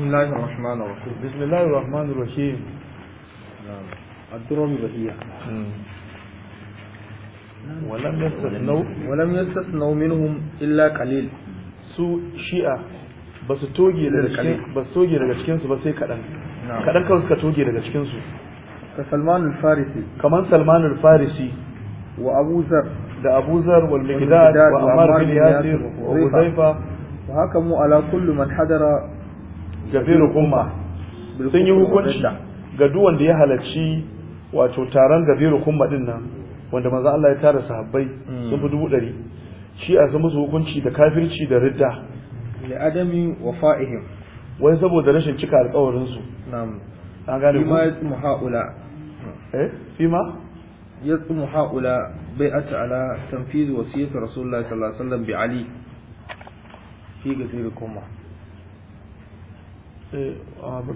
بسم الله الرحمن الرحيم بسم الله الرحمن الرحيم الدرم بهية ولم يستثنوا ولم يستثنوا منهم إلا قليل su shi'a ba su toge daga cikinsu ba sai kaɗan kaɗan kawai suka toge daga cikinsu ka salman farisi kamar salman farisi wa abu zar da abu zar wal miqdad wa amar bin yasir wa wa haka mu ala kullu man hadara gabiru kuma sun yi hukunci ga duk wanda ya halarci wato taron gabiru kuma din nan wanda manzo Allah ya tara sahabbai hmm. sun fi dubu ɗari shi a musu hukunci da kafirci da ridda li adami wa fa'ihim. wai saboda rashin cika alƙawarin su na'am an gane ku yasmu haula eh fima yasmu haula bai'at ala tanfiz wasiyyat rasulullahi sallallahu alaihi wasallam bi ali fi gadir kuma Eh,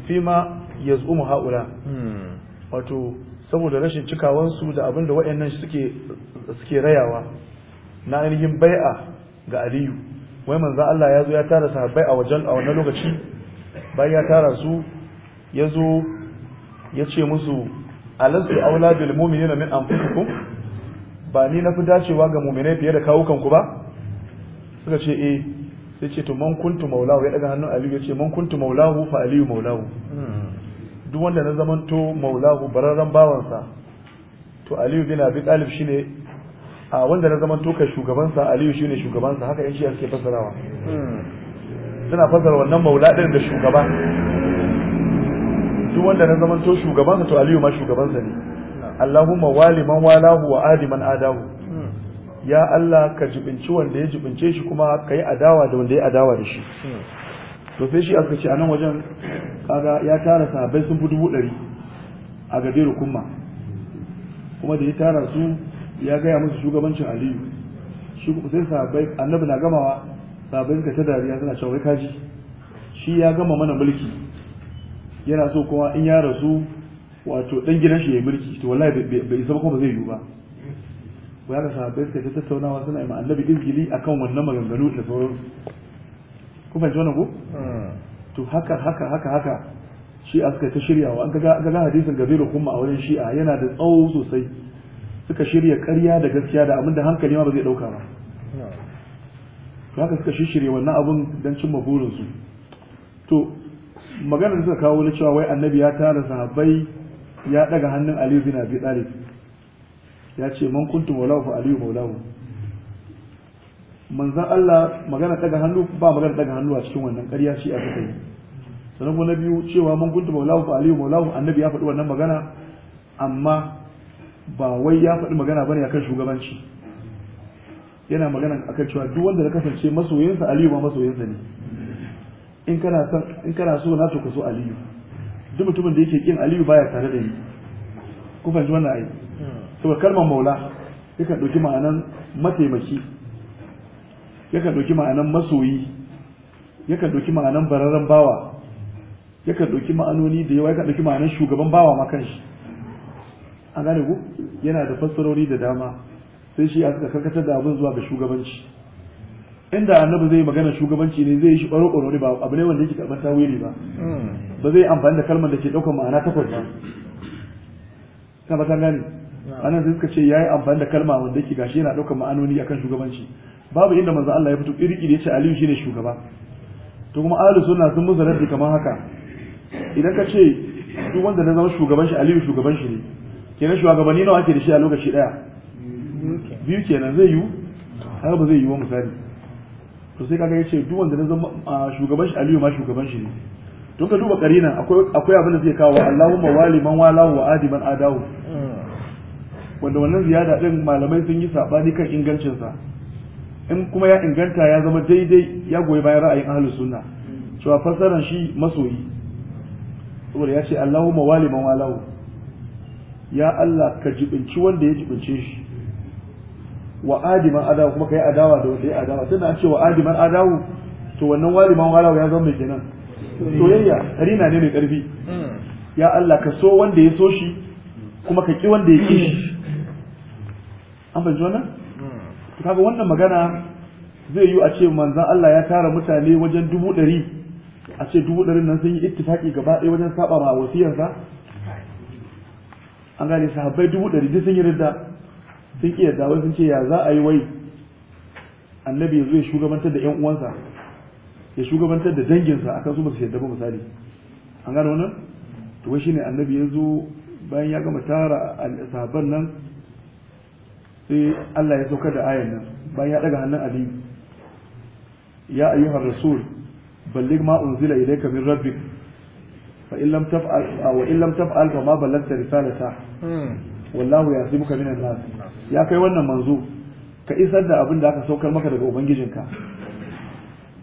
fima ya zuwa haula hmm. wato saboda rashin cikawansu da abin da waɗannan suke rayawa na ainihin bai'a ga aliyu wai manzan Allah ya zo ya tara sahabbai a wajen a wannan lokaci bayan ya tara su ya zo ya ce musu alastu aula bil na min anfusikum ba ni na fi dacewa ga mu'minai fiye da kawukanku ba suka ce eh sai ce to man kuntu maulahu ya daga hannun aliyu ya ce man kuntu maulahu fa aliyu maulahu duk wanda na zamanto maulahu bararren bawansa to aliyu bin abi talib shine a wanda na kai shugaban shugabansa aliyu shine shugabansa haka yan shi suke fasarawa suna fasara wannan maula din da shugaba duk wanda na zamanto shugabansa to aliyu ma shugabansa ne Allahumma wali man walahu wa adi man adahu ya Allah ka jibinci wanda ya jibince shi kuma ka yi adawa da wanda ya adawa da shi to sai shi aka ce a nan wajen kaga ya tara sahabbai sun fi dubu ɗari a gajeru rukunma kuma da ya tara su ya gaya musu shugabancin aliyu shi kuma sai sahabbai annabi na gamawa sahabbai suka ta dariya suna cewa kaji shi ya gama mana mulki yana so kuma in ya rasu wato dan gidan shi ya yi mulki to wallahi bai isa ba kuma zai yiwu ba ya da sahabbai suka ta tattaunawa suna yi annabi a kan wannan maganganu da sauransu ku fahimci wannan ko hmm. to haka haka haka haka shi a suka ta wa an ga ga hadisin gabe da kuma a wurin shi'a yana da tsawo sosai suka shirya ƙarya da gaskiya da abin da hankali ma ba zai ɗauka ba hmm. to haka suka shirya wannan abun don cimma burinsu to maganar da suka kawo na cewa wai annabi ya tara sahabbai ya daga hannun aliyu bin abi talib ya ce man kuntu maulahu fa aliyu maulahu manzan Allah magana daga hannu ba magana daga hannu a cikin wannan ƙarya shi a kai sanan kuma na biyu cewa man kuntu maulahu fa aliyu maulahu annabi ya faɗi wannan magana amma ba wai ya faɗi magana bane akan shugabanci yana magana akan cewa duk wanda ya kasance masoyinsa aliyu ba masoyinsa ne in kana son in kana so na to ka so aliyu duk mutumin da yake kin aliyu baya tare da ni ku fahimci wannan ayi saboda kalmar maula yakan ɗauki ma'anan mataimaki yakan ɗauki ma'anan masoyi yakan ɗauki ma'anan bararren bawa yakan ɗauki ma'anoni da yawa yakan ɗauki ma'anan shugaban bawa ma kanshi an gane ku yana da fassarori da dama sai shi aka karkatar da abin zuwa ga shugabanci inda annabi zai magana shugabanci ne zai yi shi ɓaro ɓaro ne ba abu ne wanda yake karɓar tawili ba hmm. ba zai amfani da kalmar da ke ɗaukar ma'ana takwas ba ta ba ta gane anan sai suka ce yayi amfani da kalma wanda yake gashi yana daukar ma'anoni akan shugabanci babu inda manzo Allah ya fito ne ya ce Aliyu shine shugaba to kuma ahlus sunna sun musu raddi kamar haka idan ka ce duk wanda na zama shugaban shi Aliyu shugaban shi ne kenan shugabanni nawa ake da shi a lokaci daya biyu kenan zai yiwu har ba zai yiwu misali to sai kaga yace duk wanda na zama shugaban shi Aliyu ma shugaban shi ne don ka duba karina akwai akwai abin da zai kawo Allahumma wali man walahu wa adiman adahu wanda wannan ziyada din malamai sun yi sabani kan ingancinsa in kuma ya inganta ya zama daidai ya goyi bayan ra'ayin ahlus sunna cewa fasaran shi masoyi saboda ya ce Allahu waliman walahu ya Allah ka jibinci wanda ya jibince shi wa adiman adawa kuma kai adawa da wanda ya adawa tunda an ce wa adiman adawu to wannan waliman walahu ya zama mai kenan soyayya rina ne mai karfi hmm. ya Allah ka so wanda ya so shi kuma ka ki wanda ya ki shi an fahimci wannan hmm. kaga wannan magana zai yi a ce manzan Allah ya tara mutane wajen dubu ɗari a ce dubu ɗarin nan sun yi ittifaki gaba ɗaya wajen saba ma wasiyarsa an gane sahabbai dubu ɗari duk sun yi ridda sun ƙi yadda wai sun ce ya za a yi wai annabi ya zo ya shugabantar da ƴan uwansa ya shugabantar da danginsa akan su ba su yadda ba misali an gane wannan to wai shine annabi ya zo bayan ya gama tara sahabban nan sai Allah ya saukar da ayan nan bayan ya daga hannun Ali ya ayyuhar rasul balligh ma unzila ilayka min rabbik fa in lam taf'al wa in lam taf'al fa ma ballagta risalata hmm. wallahu yasibuka minan nas ya kai wannan manzo ka isar da abin da aka saukar maka daga ubangijinka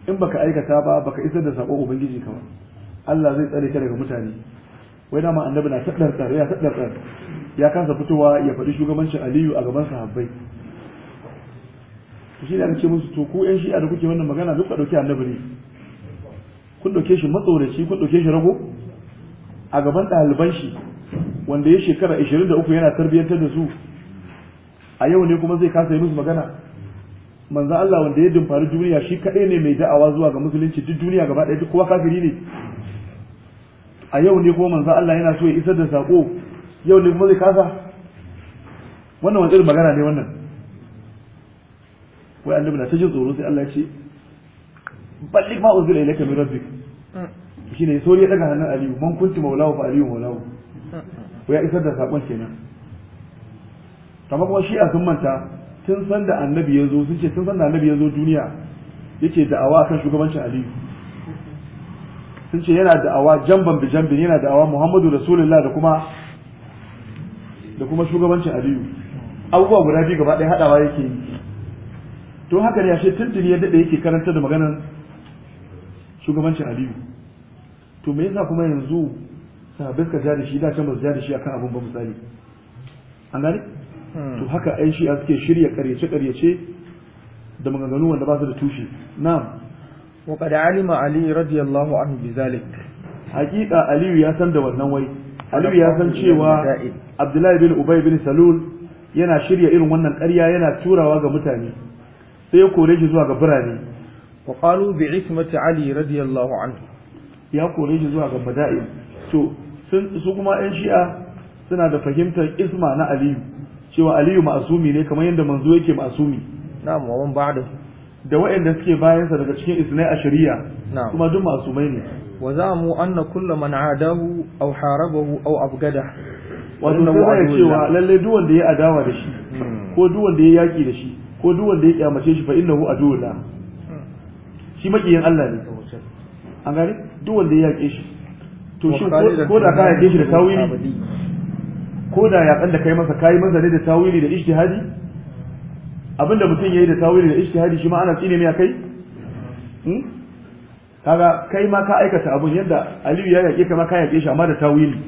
in baka aikata ba baka isar da sakon ubangiji ka ba Allah zai tsare ka daga mutane wai dama annabi na ta tsare ya ta tsare ya kansa fitowa ya faɗi shugabancin aliyu a gaban sahabbai to shi da ce musu to ku yan shi'a da kuke wannan magana duk ka ɗauki annabi ne kun ɗauke shi matsoraci kun ɗauke shi rago a gaban ɗaliban shi wanda ya shekara 23 yana tarbiyyantar da su a yau ne kuma zai kasa yi musu magana manzo Allah wanda ya dumfari duniya shi kaɗai ne mai da'awa zuwa ga musulunci duk duniya gaba ɗaya duk kowa kafiri ne a yau ne kuma manzo Allah yana so ya isar da sako yau ne kuma zai kasa wannan wani irin magana ne wannan wai annabi na ta jin tsoro sai Allah ya ce balli ma uzila ilayka min rabbik mm. shine sori ya daga hannun aliyu man kunti maulahu fa aliyu maulahu mm. wai ya isar da sakon kenan kamar kuma shi a sun manta tun san da annabi ya zo sun ce tun san da annabi ya zo duniya yake da'awa kan shugabancin aliyu mm-hmm. sun ce yana da'awa jamban bi jambin yana da'awa muhammadu rasulullah da kuma da kuma shugabancin aliyu abubuwa guda biyu gaba ɗaya haɗawa yake yi to haka ne ashe tuntuni yadda da yake karanta da maganar shugabancin aliyu to me yasa kuma yanzu sahabbai ka ja da shi da can ba su ja da shi akan abun ba misali an gane hmm. to haka ai shi suke shirya karyace karyace da maganganu wanda ba su da tushe na'am wa qad alima ali radiyallahu anhu bizalik haqiqa aliyu ya san da wannan wai Aliyu ya san cewa Abdullahi bin Ubay bin Salul yana shirya irin wannan ƙarya yana turawa ga mutane sai ya kore shi zuwa ga birane wa qalu bi ismati Ali radiyallahu anhu ya kore shi zuwa ga bada'i to su kuma ƴan shi'a suna da fahimtar isma na Aliyu cewa Aliyu ma'asumi ne kamar yadda manzo yake ma'asumi na'am wa man ba'da da waɗanda suke bayansa daga cikin isnai ashariya kuma duk ma'asumai ne وزعموا أن كل من عاداه أو حاربه أو أبغده wato ta zaya cewa lalle duk wanda ya adawa da shi ko duk wanda ya yaki da shi ko duk wanda ya kyamace shi fa innahu aduna shi makiyin Allah ne an gane duk wanda ya yake shi to shi ko da ka yake shi da tawili ko da ya da kai masa kai masa ne da tawili da ijtihadi abinda mutum yayi da tawili da ijtihadi shi ma ana tsine mai akai kaga kai ma ka aikata abun yadda aliyu ya yaƙe kama ma ka yaƙe shi amma da tawili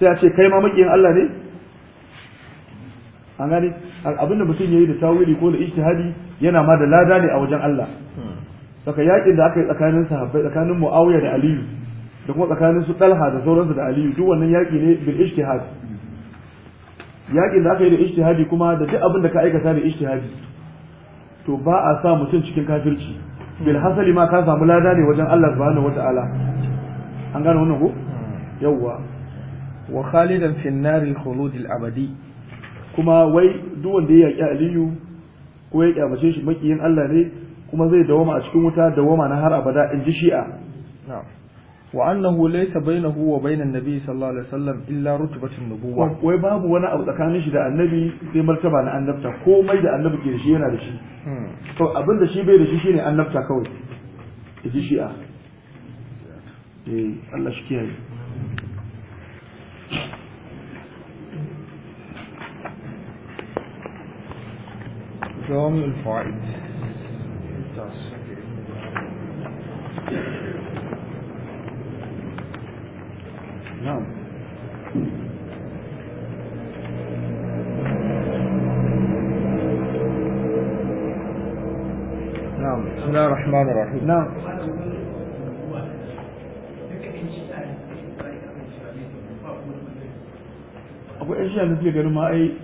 sai a ce kai ma maƙiyin Allah ne an gane abinda mutum ya yi da tawili ko da ijtihadi yana ma da lada ne a wajen Allah saka yaƙin da aka yi tsakanin sahabbai tsakanin muawiya da aliyu da kuma tsakanin su talha da sauransu da aliyu duk wannan yaƙi ne bil ijtihad yaƙin da aka yi da ijtihadi kuma da duk abin da ka aikata da ijtihadi to ba a sa mutum cikin kafirci bil hasali ma ka samu lada ne wajen Allah subhanahu wata'ala an gane wannan ko yawwa wa khalidan fi nari khulud al abadi kuma wai duk wanda ya yaki aliyu ko ya kyamace shi makiyin Allah ne kuma zai dawama a cikin wuta dawama na har abada in ji shi'a wa annahu laysa bainahu wa bainan nabi sallallahu alaihi wasallam illa rutbatun nubuwa wai babu wani abu tsakanin shi da annabi sai martaba na annabta komai da annabi ke shi yana da shi to abin da shi bai da shi shine annabta kawai da shi shi'a eh Allah shi kiyaye جامع الفوائد نعم الله الرحمن الرحيم نعم ko yan da suke ganin ma ai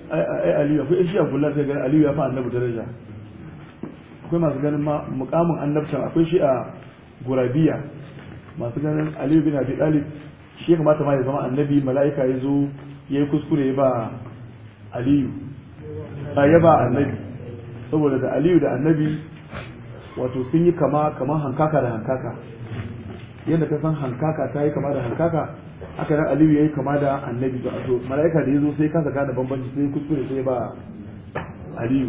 aliyu akwai yan shiya kula zai gani aliyu ya fa annabi daraja akwai masu ganin ma mukamin annabta akwai shi a gurabiya masu ganin aliyu bin abi talib shi ya kamata ma ya zama annabi mala'ika ya zo ya yi kuskure ba aliyu ya ba annabi saboda da aliyu da annabi wato sun yi kama kamar hankaka da hankaka yadda ka san hankaka ta yi kama da hankaka haka nan aliyu ya yi kama da annabi da ato mala'ika da ya zo sai kasa gane bambanci sai kuskure sai ba aliyu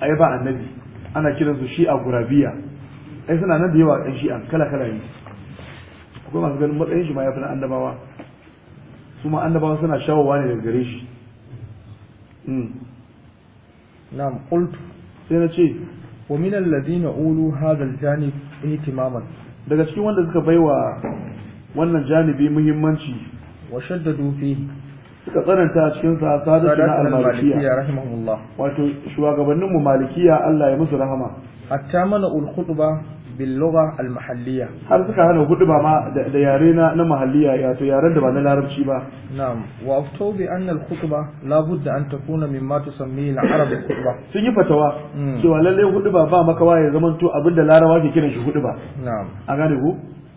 ai ba annabi ana kiransu shi a gurabiya ai suna nan da yawa ɗan an kala kala ne akwai masu ganin matsayin shi ma ya fi na annabawa su ma annabawa suna shawowa ne daga gare shi hmm. na'am qultu sai na ce wa min alladhina ulu hadha aljanib daga cikin wanda suka baiwa wannan janibi muhimmanci wa shaddadu fihi suka tsananta a cikin sa sadatu na al-malikiyya rahimahullah wato shugabannin mu malikiyya Allah ya musu rahama hatta mana ul khutba باللغه المحليه هل suka hana غدبا ما ده يare na na mahalliya ya to yaren da ba na larabci ba na'am wa aftobi an al khutba la an takuna mimma tusammi al arab al sun yi fatawa hmm. cewa lalle gudba ba maka waye zaman to abinda larabawa ke kiran shi gudba a gane ku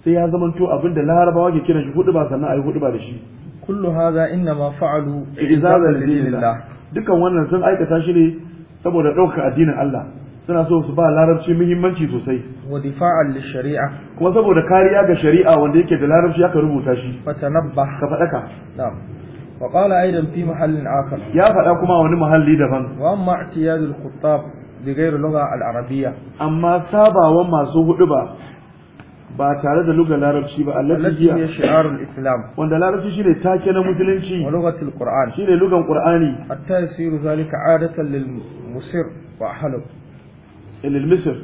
sai ya zaman to abinda larabawa ke kiran shi gudba sannan ayi gudba da shi kullu hadha inna ma fa'alu izaza lillah dukan wannan sun aikata shi ne saboda ɗaukar addinin Allah suna so su ba larabci muhimmanci sosai wa difa'an li shari'a kuma saboda kariya ga shari'a wanda yake da larabci aka rubuta shi fatanabba ka fadaka na'am wa qala aidan fi mahallin akhar ya fada kuma wani mahalli daban wa amma i'tiyadul khuttab bi ghairi lugha al arabiyya amma sabawan masu hudu ba ba tare da lugar larabci ba allati hiya shi'arul islam wanda larabci shine take na musulunci wa lughatul qur'an shine lugan qur'ani hatta yasiru zalika adatan lil musir wa ahlu lil misr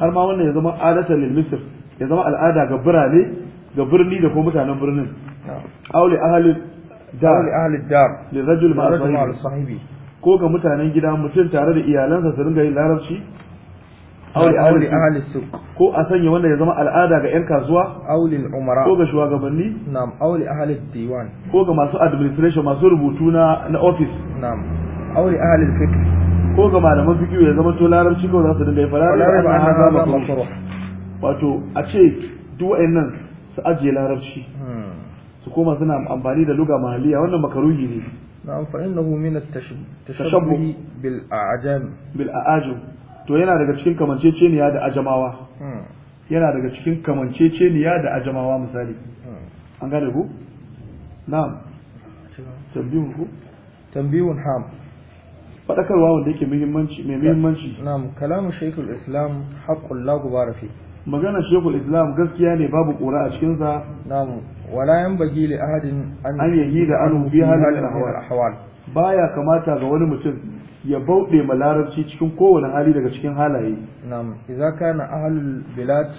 har ma wannan ya zama adatan lil ya zama al'ada ga birane ga birni da kuma mutanen birnin auli ahalin dar auli ahli dar lil rajul sahibi ko ga mutanen gida mutum tare da iyalansa su ringa yin larabci auli ahalin su. ko a sanya wanda ya zama al'ada ga yan kasuwa auli umara ko ga shugabanni na'am auli ahalin diwan ko ga masu administration masu rubutu na office na'am auli ahalin fiqh ko ga malaman fikiyo ya zama to larabci ko za su dinga yi falalar ba an zama wato a ce duk nan su ajiye larabci hmm. su koma suna amfani da luga mahaliya wannan makaruhi ne na'am fa innahu min at-tashabbuh bil a'jam bil a'ajum to yana daga cikin kamanceceniya da ajamawa hmm. yana daga cikin kamanceceniya da ajamawa misali hmm. an gane ku na'am tambihun ku ham faɗakarwa wanda yake muhimmanci mai muhimmanci na'am kalamu shaykhul islam haqqul la magana shaykhul islam gaskiya ne babu kura a cikin sa na'am wala yanbaghi li ahadin an an yahida ahwal baya kamata ga wani mutum ya bauɗe ma larabci cikin kowane hali daga cikin halaye na'am idza kana ahlul bilad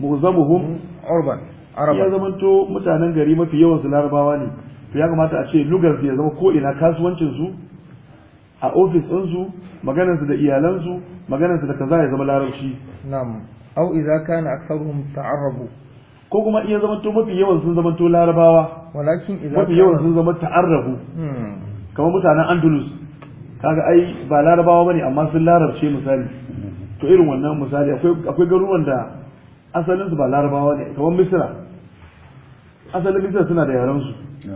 muzamuhum urban araba ya zamanto mutanen gari mafi yawan su larabawa ne to ya kamata a ce lugar ya zama ko ina kasuwancin su a ofis ɗinsu maganarsa da iyalansu maganarsa da kaza ya zama larabci na'am au idza kana aktharuhum ta'arrabu ko kuma iya zamanto mafi yawan sun zamanto larabawa walakin idza mafi yawan sun zama ta'arrabu hmm. kamar mutanen andalus kaga ai ba larabawa bane amma sun larabce misali to irin wannan misali akwai akwai garuruwan da asalin su ba larabawa ne kamar misra asalin misra suna da yaran su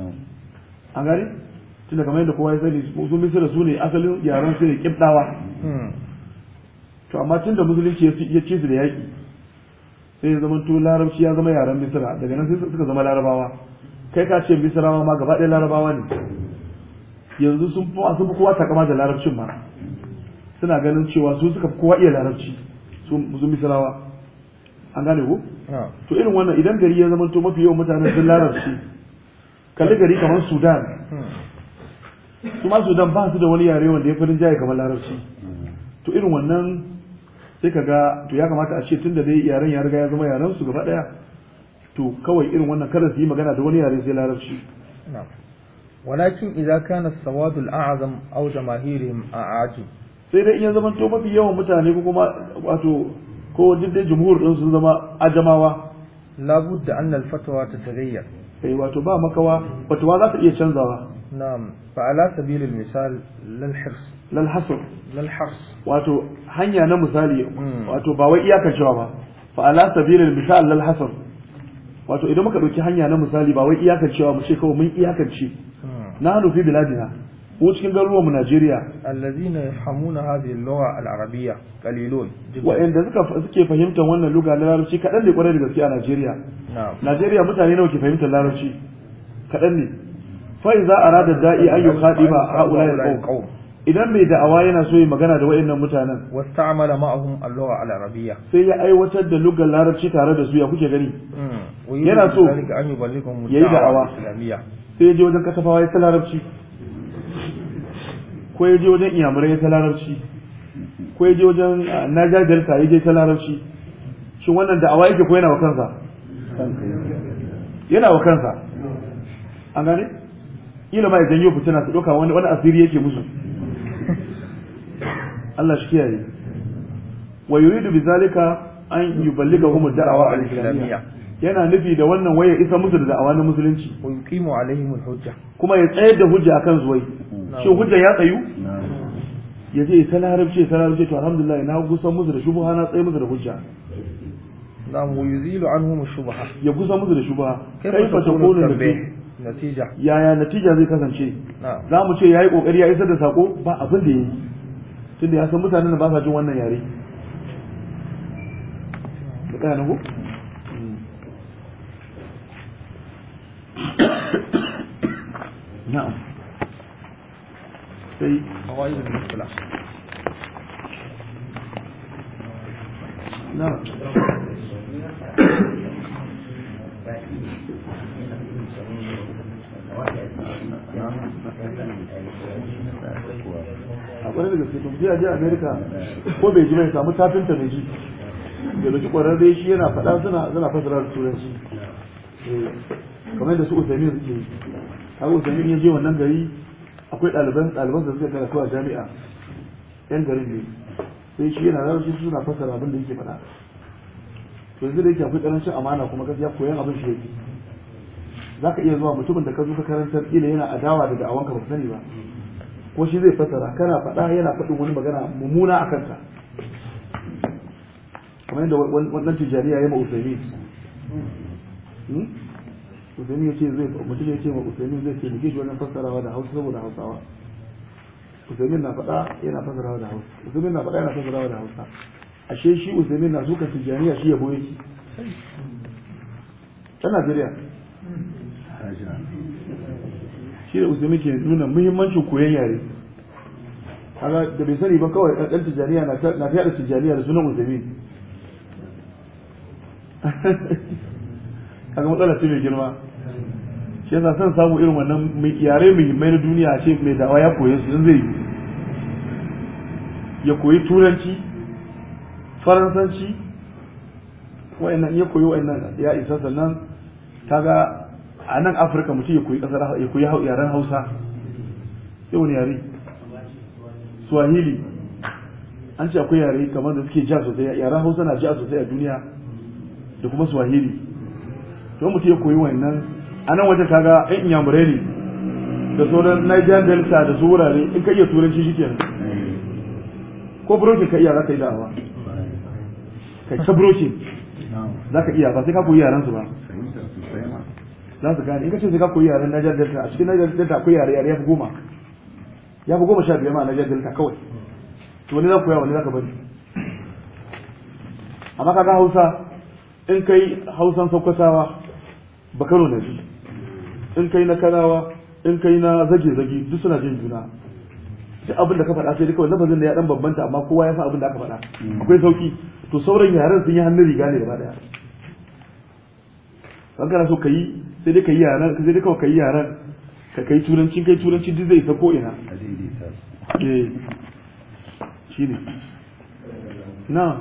an gari tunda kamar yadda kowa ya sani su misira su ne asalin yaran su ne kibdawa hmm. to amma tun da musulunci ya ci su da yaƙi sai ya zama to larabci ya zama yaren misira daga nan sai suka zama larabawa kai ka ce misirawa ma gaba ɗaya larabawa ne yanzu sun fi sun fi kowa takama da larabcin ma suna ganin cewa su suka fi kowa iya larabci su misirawa an gane ku? Ah. to irin wannan idan gari ya zama to mafi yawan mutanen sun larabci kalli gari kamar sudan hmm. kuma sudan ba su da wani yare wanda ya farin rinjaye kamar larabci to irin wannan sai ka ga to ya kamata a ce tun da dai yaren ya riga ya zama yaren su gaba daya to kawai irin wannan kada su yi magana da wani yare sai larabci walakin idza kana sawadul a'zam aw jamaahirihim a'ajib sai dai in ya zama to mafi yawan mutane ko kuma wato ko dai jumhur din sun zama ajamawa labudda an al-fatwa tataghayyar eh wato ba makawa fatwa za ta iya canzawa na'am fa ala sabilil misal lal hirs lal hasr lal hirs wato hanya na misali hmm. wato ba wai iyakar cewa ba fa ala misal lal wato idan muka ɗauki hanya na misali ba wai iyakar cewa mu ce kawai mun iyakar ce hmm. na nufi biladina ko cikin garuruwan mu Najeriya allazina yafhamuna hadhihi al-lugha al-arabiyya qalilun wa inda suka suke fahimtar wannan lugha na larabci kadan ne kwarai da gaske a Najeriya Najeriya mutane nawa ke fahimtar larabci kadan ne fa idza arada da'i an yukhadiba a al-qawm idan mai da'awa yana so ya magana da wa'in nan mutanen wasta'amala ma'ahum al-lugha al sai ya aiwatar da lugar larabci tare da su ya kuke gani yana so ya yi da'awa sai ya je wajen kasafawa ya ta larabci ko ya je wajen iyamurai ya ta larabci ko ya je wajen Niger Delta ya je ta larabci shin wannan da'awa yake ko yana wa kansa yana wa kansa an gane kila ma ya janyo fitina su ɗauka wani asiri yake musu Allah shi kiyaye wa yuridu bizalika an yuballighahum da'awa al-islamiyya yana nufi da wannan waya isa musu da da'awa na musulunci wa yuqimu alaihim al-hujja kuma ya tsayar da hujja akan zuwai shi hujja ya tsayu ya je ta larabce ta larabce to alhamdulillah na gusan musu da shubha na tsaye musu da hujja na'am wa yuzilu anhum ash-shubha ya gusan musu da shubha kaifa takunu bi natija yaya natija zai kasance za mu ce ya yi kokari ya isar da sako ba abin da yi tunda ya san mutanen da ba sa jin wannan yare da a kwanar da gaske tun jiya je america ko bai ji mai samu tafinta mai ji da lokaci kwararre shi yana faɗa suna suna fasara da turanci eh, kamar da su usaimin suke yi kaga ya je wannan gari akwai ɗaliban ɗaliban da suka karatu a jami'a yan garin ne sai shi yana rarrashi suna fasara abin da yake faɗa to yanzu da yake akwai ƙarancin amana kuma gaskiya koyan abin shi yake za ka iya zuwa mutumin da ka zo ka karantar kila yana adawa da ka ba sani ba ko shi zai fasara kana faɗa yana faɗin wani magana mummuna a kanta kamar yadda wannan tijariya ya yi ma usaimi hmm? usaimi ya ce zai mutum ya ce ma usaimi zai ce liki shi wajen fasarawa da hausa saboda hausawa usaimi na faɗa yana fassarawa da hausa usaimi na faɗa yana fassarawa da hausa ashe shi usaimi na zuka tijariya shi yabo yake ta najeriya shi da musulmi ke nuna muhimmancin koyon yare kaga da bai sani ba kawai ɗan tijaniya na fiye da tijaniya da sunan musulmi kaga matsala ce mai girma shi yasa son samu irin wannan yare muhimmai na duniya ce mai dawa ya koye su zai yi ya koyi turanci faransanci wa'annan ya koyi wa'annan ya isa sannan ta ga. a nan afirka mutum ya koyi kasar ya koyi yaren hausa sai wani yare swahili an ce akwai yare kamar da suke ja sosai yaren hausa na ja sosai a duniya da kuma swahili to mutum ya koyi wannan a nan wajen kaga in inyamurai ne da sauran Nigerian delta da su wurare in ka iya turanci shi kenan ko brokin ka iya za ka yi da'awa kai ta brokin za ka iya ba sai ka koyi yaren su ba za su gane in kace ka koyi yaren Niger Delta a cikin Niger Delta akwai yare yare yafi goma ya fi goma sha biyar ma Niger Delta kawai to wani za ku koya wani za ka bari amma ga Hausa in kai Hausan Sokotawa ba Kano na shi in kai na Kanawa in kai na zage zage duk suna jin juna duk abin da ka faɗa sai kawai lafazin da ya dan bambanta amma kowa ya san abin da aka faɗa akwai sauki to sauran yaren sun yi hannun riga ne gaba daya an kana so ka yi sai dai ka yi yaran sai dai kawai ka yi yaran ka kai turanci kai turanci duk zai ta ko ina eh shine na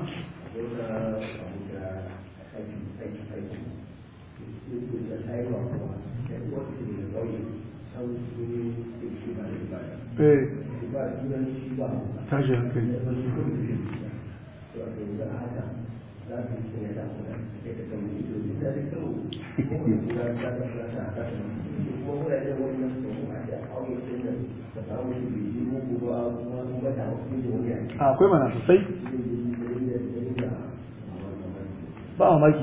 eh tashi hankali akwai mana sosai ba mamaki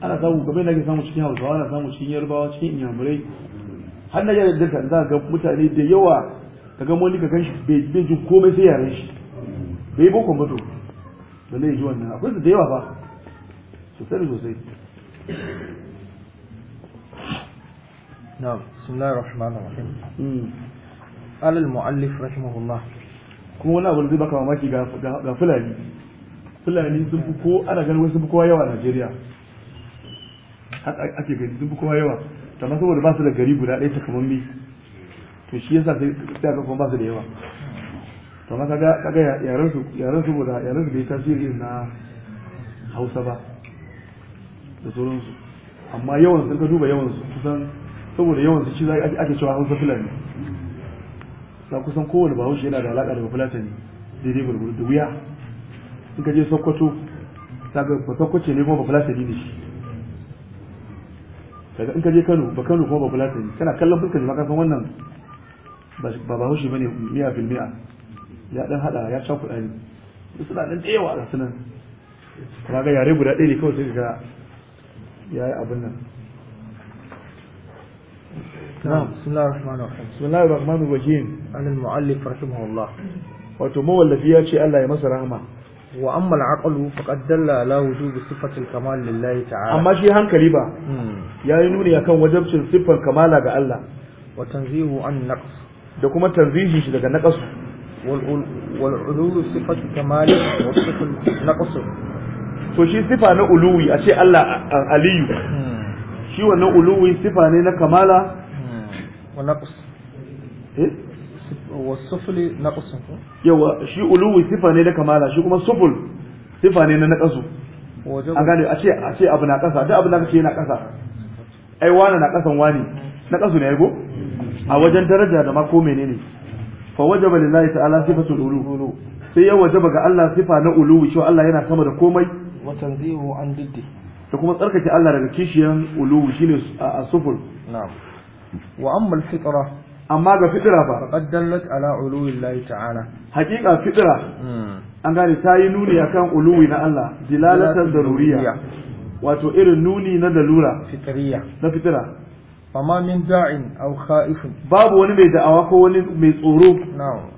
ana samun game da ke samu cikin hausawa ana samu cikin yarbawa cikin inyamurai har na yadda kan za ga mutane da yawa ka ga wani ka gan shi bai jin komai sai yaren shi bai boko mutu lalle ji wannan akwai su da yawa ba sosai sosai na'am bismillahir rahmanir rahim hmm. alal muallif rahimahullah kuma wani abu da zai baka mamaki ga fulani fulani sun fi ko ana ganin wasu fi kowa yawa a Najeriya haka ake gani sun fi kowa yawa amma saboda ba su da gari guda ɗaya ta kamar to shi yasa sai ga kuma ba su da yawa to ma kaga kaga yaran su yaran su da yaran su bai tasiri na Hausa ba da su amma yawan sun ka duba yawan su kusan saboda yawan su shi za ake cewa Hausa Fulani sa kusan kowane bahaushe yana da alaka da Fulani daidai gurgur da wuya in ka je Sokoto kaga ba Sokoto ne kuma ba Fulani ne shi daga in ka je Kano ba Kano kuma ba Fulani kana kallon fuskar ma ka san wannan ba bahaushe bane miya fil ya dan hada ya cakuɗa ne suna dan tsayawa a sunan ga yare guda ɗaya ne kawai sai ga ya yi abin nan بسم الله الرحمن الرحيم بسم الله الرحمن الرحيم عن المؤلف رحمه الله wato mawallafi ya ce Allah ya masa Rahma. wa amma al'aqlu faqad dalla ala wujub sifati al-kamal lillahi ta'ala amma shi hankali ba hmm. ya yi nuni akan wajibcin siffar kamala ga Allah wa da kuma tanzihin daga naqasu والعلو صفة wa وصفة نقص to shi sifa na uluwi a ce Allah aliyu hmm. shi wannan uluwi sifa ne na kamala hmm. wa naqs eh wa sufli naqs yawa shi uluwi sifa ne na kamala shi kuma suful sifa ne na naqasu an gane a ce a ce abu na kasa duk abu na kace yana kasa ai wani na kasan wani hmm. na kasu ne ai go a wajen daraja da ma ko menene fa wajaba lillahi ta'ala sifatul ulu sai ya wajaba ga Allah sifa na ulu shi Allah yana sama da komai wa tanzihu an diddi da kuma tsarkake Allah daga kishiyan ulu shine a sufur na'am wa amma al amma ga fitra ba faqad dallat ala uluwillahi ta'ala haqiqa fitra hmm. an gane ta yi nuni akan uluwi na Allah dilalatan daruriya wato irin nuni na dalura fitriya na fitra fama min da'in aw kha'ifun babu wani mai da'awa ko wani mai tsoro na'am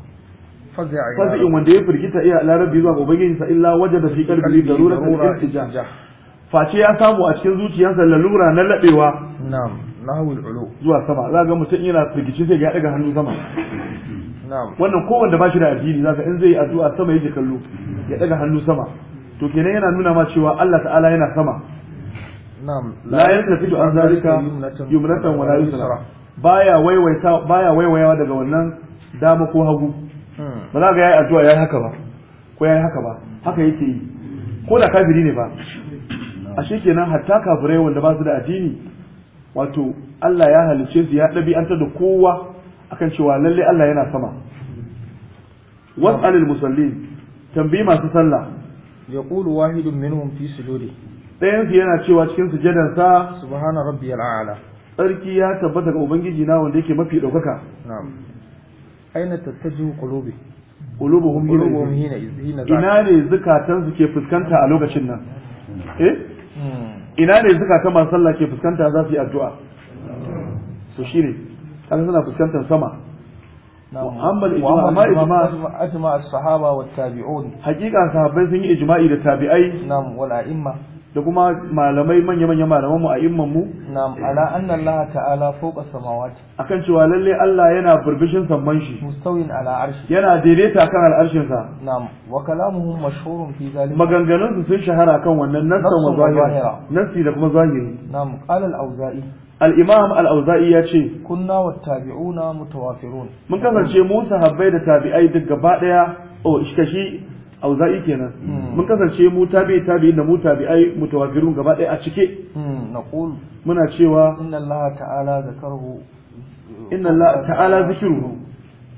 فزع wanda ya firgita iya larabi zuwa ga غوبين سا الا وجد في qalbi ضروره iltija face ya samu a cikin zuciyarsa lalura na labewa na'am nahwul ulu zuwa sama za ga mutum yana firgici sai ya daga hannu sama na'am wannan ko wanda bashi da addini zaka in zai addu'a sama yake kallo ya daga hannu sama to kenan yana nuna ma cewa Allah ta'ala yana sama la yaltafitu an zalika yumnatan wala yusra baya waiwaita daga wannan dama ko hagu hmm. ba za ga yayi addu'a yayi haka ba ko yayi haka ba haka yake yi ko da kafiri ne ba ashe kenan hatta kafirai wanda ba su da addini wato Allah ya halice su ya ɗabi'antar da kowa akan cewa lalle Allah yana sama was'alil musallin tambayi masu sallah yaqulu wahidun minhum fi sujudi ɗayansu yana cewa cikin sujadansa subhana rabbi al'ala tsarki ya tabbata ga ubangiji na wanda yake mafi ɗaukaka na'am aina tattaji qulubi qulubuhum hina izhina ina ne zukatansu ke fuskanta a lokacin nan hmm. eh ina ne zukata masu sallah ke fuskanta za su yi addu'a to shine kan suna fuskantar sama Muhammad ijma'a ijma ijma'a as-sahaba wat-tabi'un haqiqa sahabbai sun yi ijma'i da tabi'ai na'am wal a'imma da kuma malamai manya-manyan malamanmu a immanmu na'am ala anna Allah ta'ala fawqa samawati akan cewa lalle Allah yana burbushin samman shi mustawin ala arshi yana daidaita kan al'arshin sa na'am wa kalamuhum mashhurun fi zalika maganganun su sun shahara kan wannan nassan wa zahira nassi da kuma zahiri na'am qala al-auza'i al-imam al-auza'i ya ce kunna wa tabi'una mutawafirun mun kasance mu sahabbai da tabi'ai duk gaba daya oh iskashi auza'i kenan hmm. mun kasance mu tabi tabi da mu tabi ai mutawafirun gaba ɗaya a cike hmm, naqul muna cewa inna allaha ta'ala zakaruhu inna allaha ta'ala zikruhu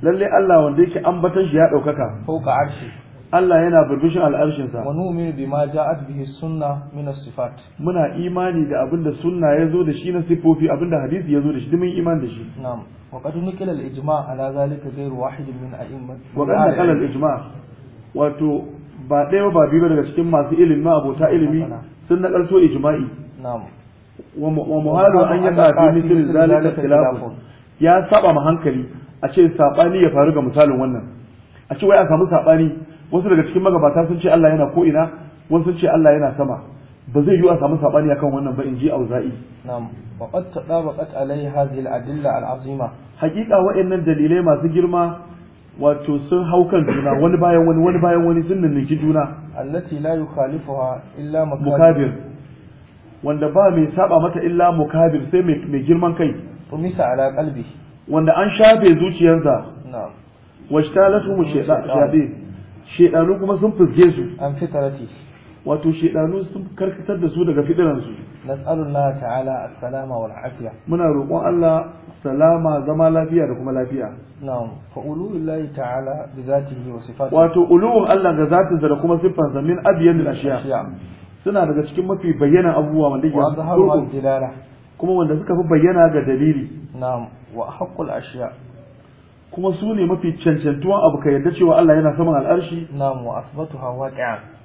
lalle Allah wanda yake ambatan shi ya daukaka fauka arshi Allah yana burbushin al'arshin sa Wani wa nu'minu ma ja'at bihi sunna min as-sifat muna imani da abinda sunna zo da shi na sifofi abinda hadisi ya zo da shi mun iman da shi na'am wa qad nukila al-ijma' ala zalika ghayr wahid min a'immat wa qad nukila al-ijma' wato ba ɗaya ba biyu daga cikin masu ilimi abota ilimi sun nakalto ijma'i wa muhalu an yi ƙafi mithlin zalika ikhtilafun ya saba ma hankali a ce sabani ya faru ga misalin wannan a ce wai a samu sabani wasu daga cikin magabata sun ce Allah yana ko ina wasu sun ce Allah yana sama ba zai yiwu a samu sabani akan wannan ba in ji auza'i na'am wa qad tadabaqat alayhi hadhihi al-adilla al-azima haqiqa wa'annan dalilai masu girma wato sun hau kan juna wani bayan wani wani bayan wani sun ninninki juna allati la yukhalifuha illa mukabir wanda ba mai saba mata illa mukabir sai mai girman kai tumisa ala qalbi wanda an shafe zuciyarsa na'am washtalatu shaytan shaytanu kuma sun fizge su an fitarati wato shedanu sun karkatar da su daga fidiransu nas'alullah ta'ala as-salama wal afiya muna roƙon Allah salama zama lafiya da kuma lafiya na'am fa ululillahi ta'ala bi zatihi wa sifatihi wato ulul Allah ga zatinsa da kuma siffansa min abyan al-ashiya suna daga cikin mafi bayyana abubuwa wanda ke wa jilala kuma wanda suka fi bayyana ga dalili na'am wa haqqul ashiya kuma su ne mafi cancantuwan abu ka yadda cewa Allah yana saman al'arshi na'am wa asbatuha waqi'a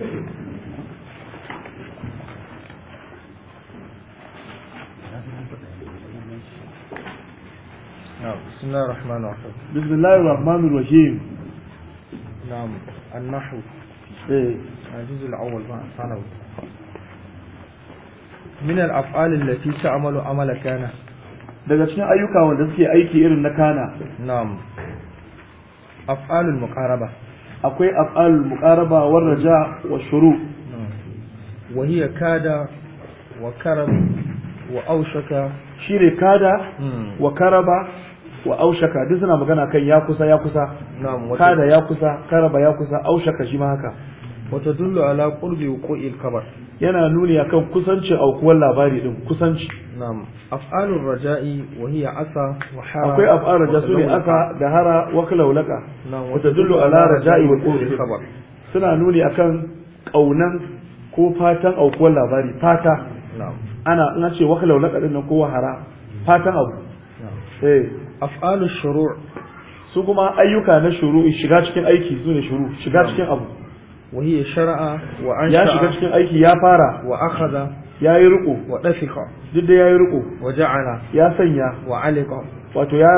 نعم، بسم الله الرحمن الرحيم بسم الله الرحمن الرحيم نعم النحو ايه الجزء الاول بقى ثانوي من الافعال التي تعمل عمل كان daga cikin ayyuka wanda suke aiki irin na kana na'am af'alul muqaraba akwai af'al muqaraba war raja wa shuru wa hiya kada wa karaba wa aushaka shine kada hmm. wa karaba wa aushaka duk suna magana kan ya kusa ya kusa kada ya kusa karaba ya kusa aushaka shi ma haka wata dullu ala qurbi wuqu'il khabar yana nuni akan kusanci aukuwar labari din kusanci na'am af'alur raja'i wa hiya asa wa hara akwai af'al raja sune asa da hara wa kalaulaka wata dullu ala raja'i wa qurbi khabar suna nuni akan kaunan ko fatan aukuwar labari fata ana in ce wa kalaulaka din ko hara fatan abu eh af'alush shuru' su kuma ayyuka na shuru shiga cikin aiki su ne shuru shiga cikin abu وهي شرع وأنشأ يا شكا شكا أيكي يا فارا وأخذ يا يرقو ودفق جد يا يرقو وجعل يا سنيا وعلق وتو يا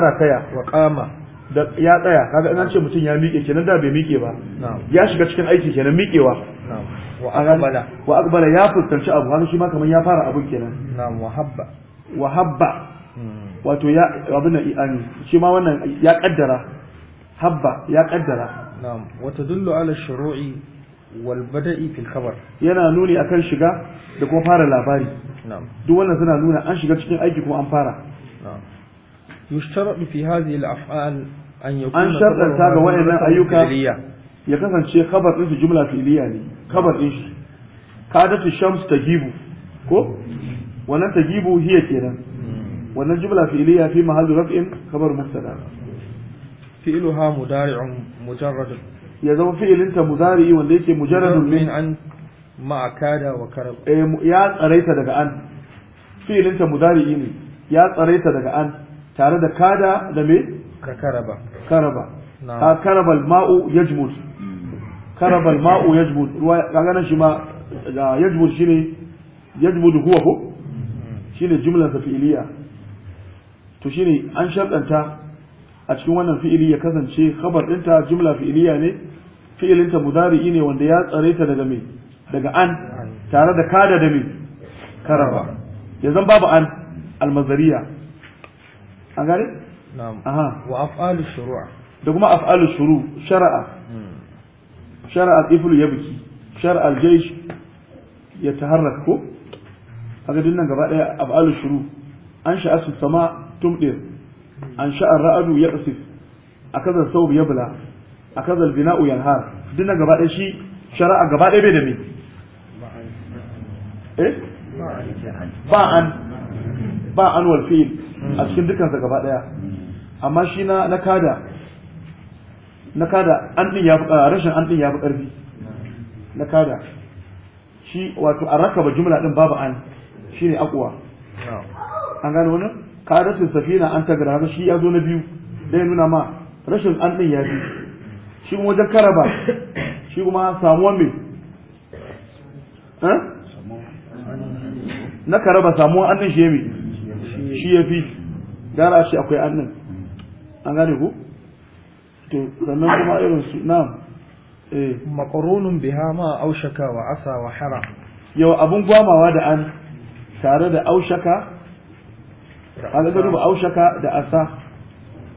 وقام da ya tsaya kaga in an ce mutum ya miƙe kenan da bai miƙe ba ya shiga cikin aiki kenan miƙewa wa aqbala wa aqbala ya fuskanci abu hannu shi ma kaman ya fara abu kenan na'am wa habba wa habba wato ya abin nan iani shi ma wannan ya kaddara habba ya kaddara na'am wa tadullu ala shuru'i wal fil khabar yana nuni akan shiga da kuma fara labari duk wannan suna nuna an shiga cikin aiki kuma an fara yustaradu fi hadhihi al af'al an yakuna an sharɗanta ga wayannan ayyuka ya kasance khabar din jumla fi'liya ne khabar din shi kadatu shams tajibu ko wannan tajibu hiya kenan hmm. wannan jumla fi'liya fi mahallu raf'in khabar mubtada fi'luha mudari'un mujarradun ya zama fi'ilinta muzari wanda yake mujarradun min an ma kada wa karab eh, ya tsaraita daga an fi'ilinta muzari ne ya tsaraita daga an tare da kada da me ka karaba karaba a karaba al-ma'u yajmud karaba al-ma'u yajmud kaga nan shi ma yajmud shine yajmud huwa ko mm. shine jumlar fi'iliya to shine an shartanta a cikin wannan fi'ili ya kasance khabar dinta jumla fi'iliya ne fi'ilinta mudari'i ne wanda ya tsare ta daga me daga an tare da kada da me karaba yanzu babu an almazariya an gane na'am aha wa af'alu shuru'a da kuma af'alu shuru shar'a hmm. shar'a iflu yabki shar'a aljaysh yataharrak ko kaga dinnan gaba daya af'alu shuru an sha'a sama tumdir an sha'a ra'adu yaqsif akaza sawb yabla akaza albina'u yanhar duk na gaba ɗaya shi shari'a gaba ɗaya bai da me eh ba an ba an wal a cikin dukkan sa gaba ɗaya amma shi na na kada na kada an din ya rashin an din ya fi ƙarfi na kada shi wato a rakaba jumla din babu an shine aqwa an gano wannan kadatul safina an tagara shi ya zo na biyu dai nuna ma rashin an din ya fi shi kuma wajen karaba shi kuma samuwa mai, eh? na karaba samuwa annan shi ya mai shi ya fi gara shi akwai annan an gane ku to sannan kuma irin su na eh. makarunin biha ma aushaka wa asa wa hara yau abun gwamawa da an tare da aushaka an ga ba aushaka da asa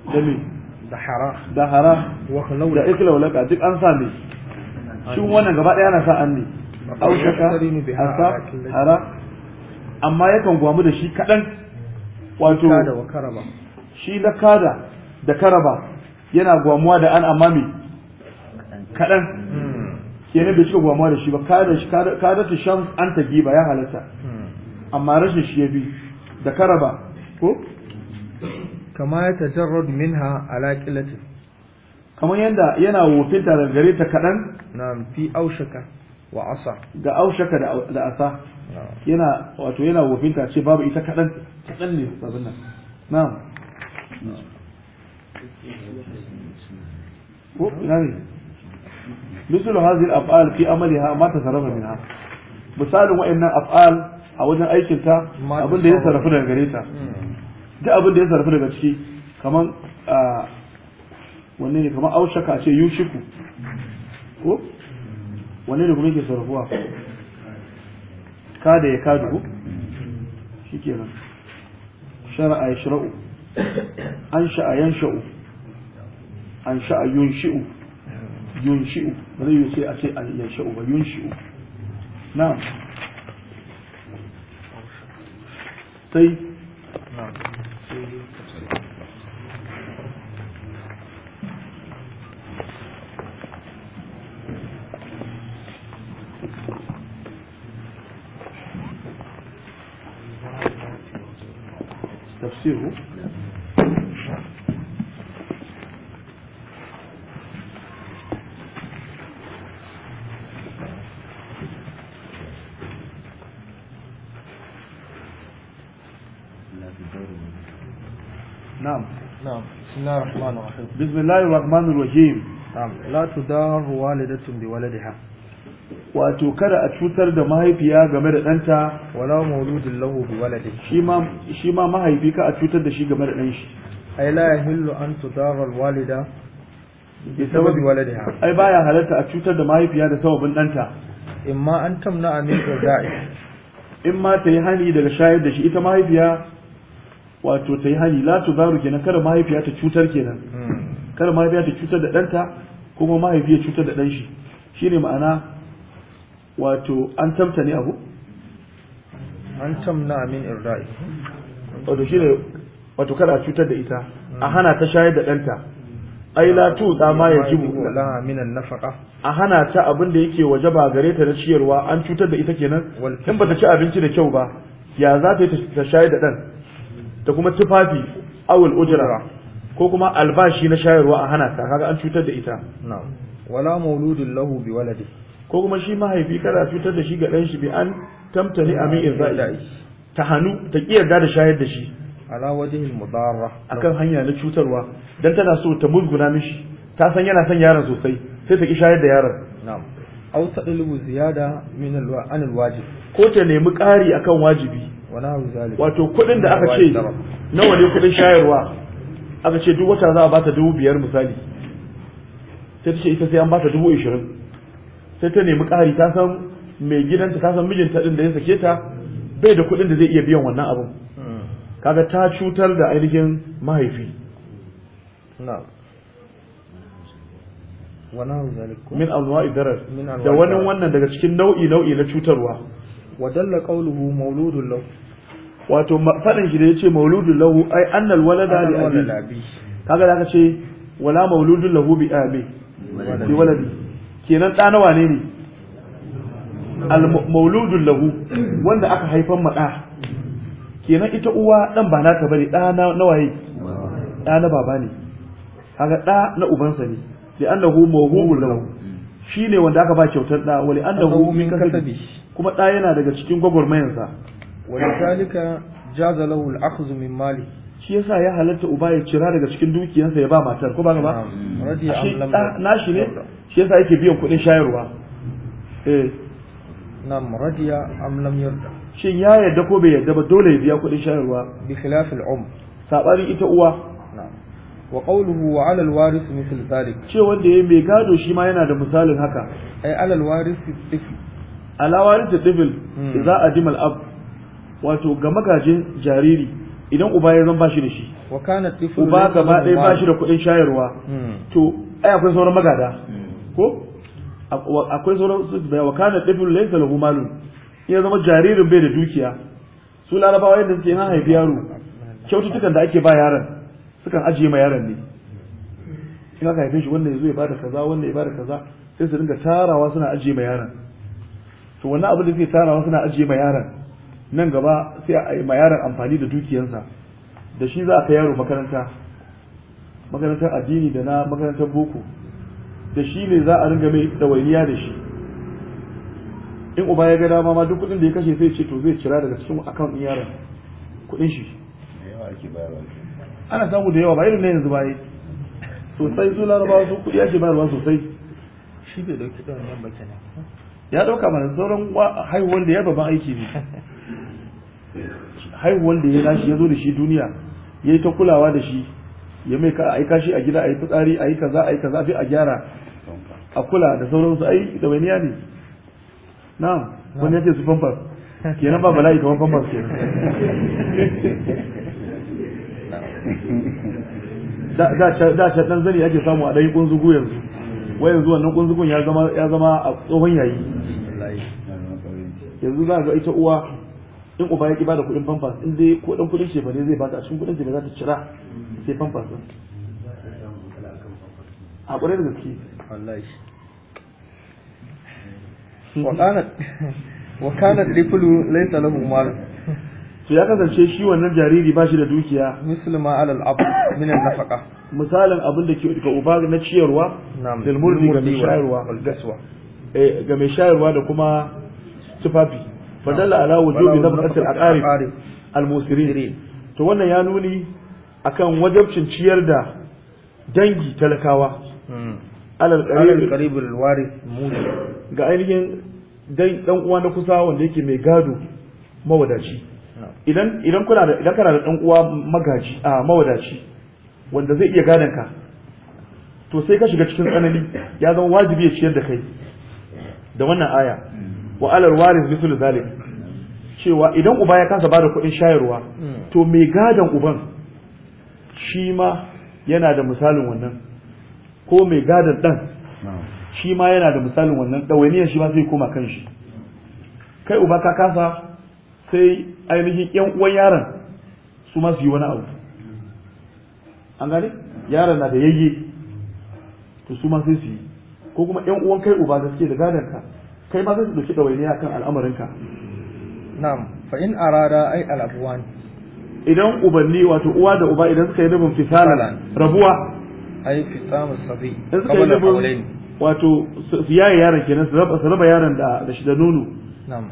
da mai dahara dahara wa kalawla da iklawlaka duk an sa ne shi wannan gaba daya na sa'an an ne aushaka asa hara amma yakan gwamu da shi kadan wato kada wa karaba shi na kada da karaba yana gwamuwa da an amami kadan hmm. kenan bai cika gwamuwa da shi ba kada shi kada ta shams an ta giba ya halatta hmm. amma rashin shi ya bi da karaba ko kama ya tajarrad minha ala qillatin kamar yanda yana wofinta daga gare ta kadan na'am fi aushaka wa asa ga aushaka da asa yana wato yana wofinta ce babu ita kaɗan kadan ne babin nan na'am ko ina ne misalu hadhihi afal fi amaliha ma tasarrafa minha misalin wa'annan af'al a wajen aikinta abin da ya sarrafa daga gare ta hmm. duk abin da ya sarfi daga ciki kamar wani ne kamar aushaka ce yushiku ko wanne ne kuma yake sarrafuwa kada ya ku shi nan shara'a ya shara'u an sha'a yan sha'u an sha'a yun shi'u yun shi'u ba zai yi sai a ce an yan sha'u ba yun shi'u na'am sai تفسيره نعم نعم بسم الله الرحمن الرحيم بسم الله الرحمن الرحيم نعم لا تدار والدة بولدها wato kada a cutar da mahaifiya game da ɗanta wala mawludin lahu bi waladi shi ma mahaifi ka a cutar da shi game da ɗan shi ai la yahillu an tudara walida bi sababi waladiha ai baya halarta a cutar da mahaifiya da sababin ɗanta imma an tamna min irda'i in ma ta yi hani daga shayar da shi ita mahaifiya wato ta yi hani la tudaru kenan kada mahaifiya ta cutar kenan hmm. kada mahaifiya ta cutar da ɗanta kuma mahaifi cutar da ɗan shi shine ma'ana wato an tamta ne abu an tamna min irda'i wato ne wato kada cutar da ita a hana ta shayar da ɗanta ai la tu da ma yajibu min an-nafaqa a hana ta abin da yake ba gare ta na ciyarwa an cutar da ita kenan in ba ta ci abinci da kyau ba ya za ta yi ta shayar da ɗan da kuma tufafi awul ujra ko kuma albashi na shayarwa a hana ta kaga an cutar da ita na'am wala mauludin lahu bi waladi ko kuma shi mahaifi kada cutar da shi ga ɗan shi bi an tamtani amin mai ta hannu ta ki yarda da shayar da shi ala wajhil mudarra akan hanya na cutarwa dan tana so ta mulguna mishi ta san yana son yaron sosai sai ta ki shayar da yaron na'am aw tadlubu ziyada min an alwajib ko ta nemi ƙari akan wajibi wala zalika wato kuɗin da aka ce nawa ne kudin shayarwa aka ce duk wata za a bata dubu biyar misali sai ta ce ita sai an bata dubu ishirin sai ta nemi ƙari ta san mai gidanta ta san mijinta din da ya sake ta bai da kuɗin da zai iya biyan wannan abin kaga ta cutar da ainihin mahaifi min alwa idarar da wani wannan daga cikin nau'i nau'i na cutarwa wa qawluhu mawludun wato faɗin shi da yace mauludun lahu ai annal walada li abi kaga da ka ce wala mauludun lahu bi abi ah, bi waladi kenan ɗa na wane ne mauludun lahu wanda aka haifan maɗa kenan ita uwa ɗan ba nata bane ɗa na waye ɗa na baba ne haka ɗa na ubansa ne li annahu mawhubun lahu ne wanda aka ba kyautar ɗa wani an lahu min kasabi kuma ɗa yana daga cikin gwagwarmayansa Wani talika jaza lahu al min mali shi yasa ya halatta uba ya cira daga cikin dukiyansa ya ba matar ko ba ba na shi ne shi yasa yake biyan kuɗin shayarwa eh na muradiya am lam yarda shin ya yarda ko bai yarda ba dole ya biya kuɗin shayarwa bi khilafil um sabari ita uwa wa qawluhu wa ala alwaris mithl zalik ce wanda yayi mai gado shi ma yana da misalin haka ai ala alwaris tifl ala waris tifl hmm. idza adima al-ab wato ga magajin jariri idan uba ya zan bashi da shi wa kana tifl uba ba dai bashi da kuɗin shayarwa hmm. to ai akwai sauran magada hmm. ko akwai sauran su da yawa kana dabul laysa lahu malun ya zama jaririn bai da dukiya su larabawa yadda suke yana haifi yaro kyaututtukan da ake ba yaron sukan ajiye ma yaron ne in aka haife shi wanda ya zo ya bada kaza wanda ya bada kaza sai su dinga tarawa suna ajiye ma yaron to wannan abin da suke tarawa suna ajiye ma yaron nan gaba sai a yi ma yaron amfani da dukiyansa da shi za a kai yaro makaranta makarantar addini da na makarantar boko da shi ne za a ringa mai ɗawainiya da shi in uba ya ga dama ma duk kuɗin da ya kashe sai ce to zai cira daga cikin akan yaron kuɗin shi ana samu da yawa ba irin na yanzu ba sosai su laraba su kuɗi ake bayarwa sosai shi bai dauki da ba kenan ya ɗauka mana sauran haihuwan da ya babban aiki ne haihuwan da ya nashi ya zo da shi duniya ya yi ta kulawa da shi ya mai ka aika shi a gida a yi fitsari a yi kaza a yi kaza sai a gyara a kula da sauransu ai ɗawainiya ne na wani yake su famfas kenan ba bala'i kamar famfas ke da ta dan zani ake samu a ɗan kunzugu yanzu wai yanzu wannan kunzugun ya zama ya zama a tsohon yayi yanzu za ga ita uwa in uba ya ba bada kuɗin famfas in dai ko dan kuɗin shefa ne zai baka a cikin kuɗin shefa za ta cira sai famfas din a ƙwarai da gaske wallahi hmm. wa kanat rifulu lahu mal to ya kasance shi wannan jariri ba shi da dukiya muslima alal ab min al nafaqa misalin abin da ke ga uba na ciyarwa dal murdi ga mai shayarwa wal gaswa eh ga mai shayarwa da kuma tufafi fadalla ala wujubi nafaqat al aqarib al musirin to wannan ya nuni akan wajabcin ciyar da dangi talakawa hmm. alal waris muni. ga ainihin dan uwa na kusa wanda yake mai gado mawadaci idan idan kuna da idan kana da dan uwa magaji a mawadaci wanda zai iya gadon ka to sai ka shiga cikin tsanani ya zama wajibi ya ciyar da kai da wannan aya wa alal waris bisul Zalim. cewa idan uba ya kasa bada kuɗin shayarwa hmm. to mai gadon uban shi ma yana da misalin wannan ko mai gadar ɗan shi ma yana da misalin wannan ɗawainiyar shi ma sai koma kan shi kai uba ka kasa sai ainihin yan uwan yaron su ma su yi wani abu an gane yaron na da yayye to su ma sai su yi ko kuma yan uwan kai uba da suke da gadon ka kai ma sai su dauki ɗawainiya kan al'amarinka na'am fa in arada ai al'abuwan idan ubanni wato uwa da uba idan suka yi nufin fisalan rabuwa ai fitamu sabi kamar da aulaini wato su yaye yaron kenan su raba yaron da da shi da nono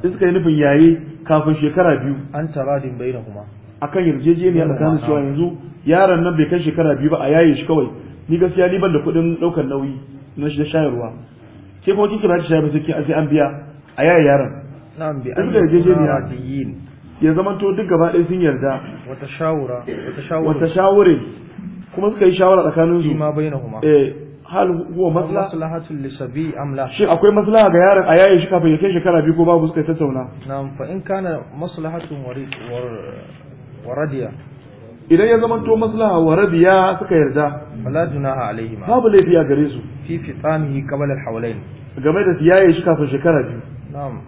in suka yi nufin yaye kafin shekara biyu an taradin bainahuma akan yarjejeniya tsakanin cewa yanzu yaron nan bai kai shekara biyu ba a yaye shi kawai ni gaskiya ni ban da kuɗin ɗaukar nauyi na shi da shayarwa ke kuma kike ba ki shayar ba sai sai an biya a yaye yaron na'am bi an yarjejeniya ya zama to duk gaba ɗaya sun yarda wata shawura wata shawure kuma suka yi shawara tsakanin su ma bainahuma eh hal huwa maslahatul lisabi shi akwai maslaha ga yaron a yayin shi kafin ya kai shekara biyu ko babu suka tattauna na'am fa in kana maslahatun waradiya idan ya zama to maslaha waradiya suka yarda junaha babu laifi a gare su fi qabla game da yayin shi kafin shekara biyu na'am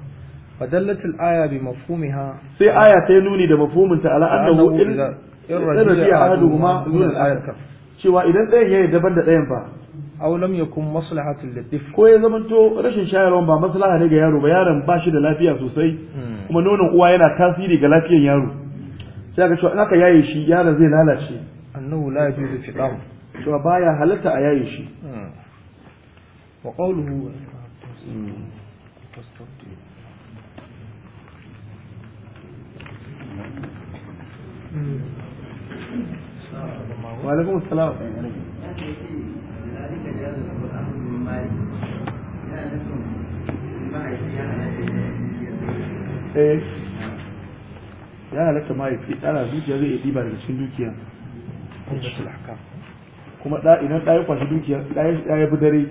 aya bi mafhumiha sai aya ta nuni da mafhumin ta ala annahu in radiya ahaduhuma dun al-akhar cewa idan ɗayan ya daban da ɗayan fa aw lam yakun maslahatun lidif ko ya zamanto rashin shayarwa ba maslaha ne ga yaro ba yaron ba shi da lafiya sosai hmm. kuma nonon uwa yana tasiri ga lafiyar yaro sai ka cewa in aka yaye shi yaron zai lalace annahu la yajuzu fiqam cewa baya halatta a yaye shi hmm. wa qawluhu Mm-hmm. wa alaikum assalam eh ya halatta mahaifi tsara dukiya zai iya diba daga cikin dukiya kuma da idan da ya kwashi dukiya da ya bi dare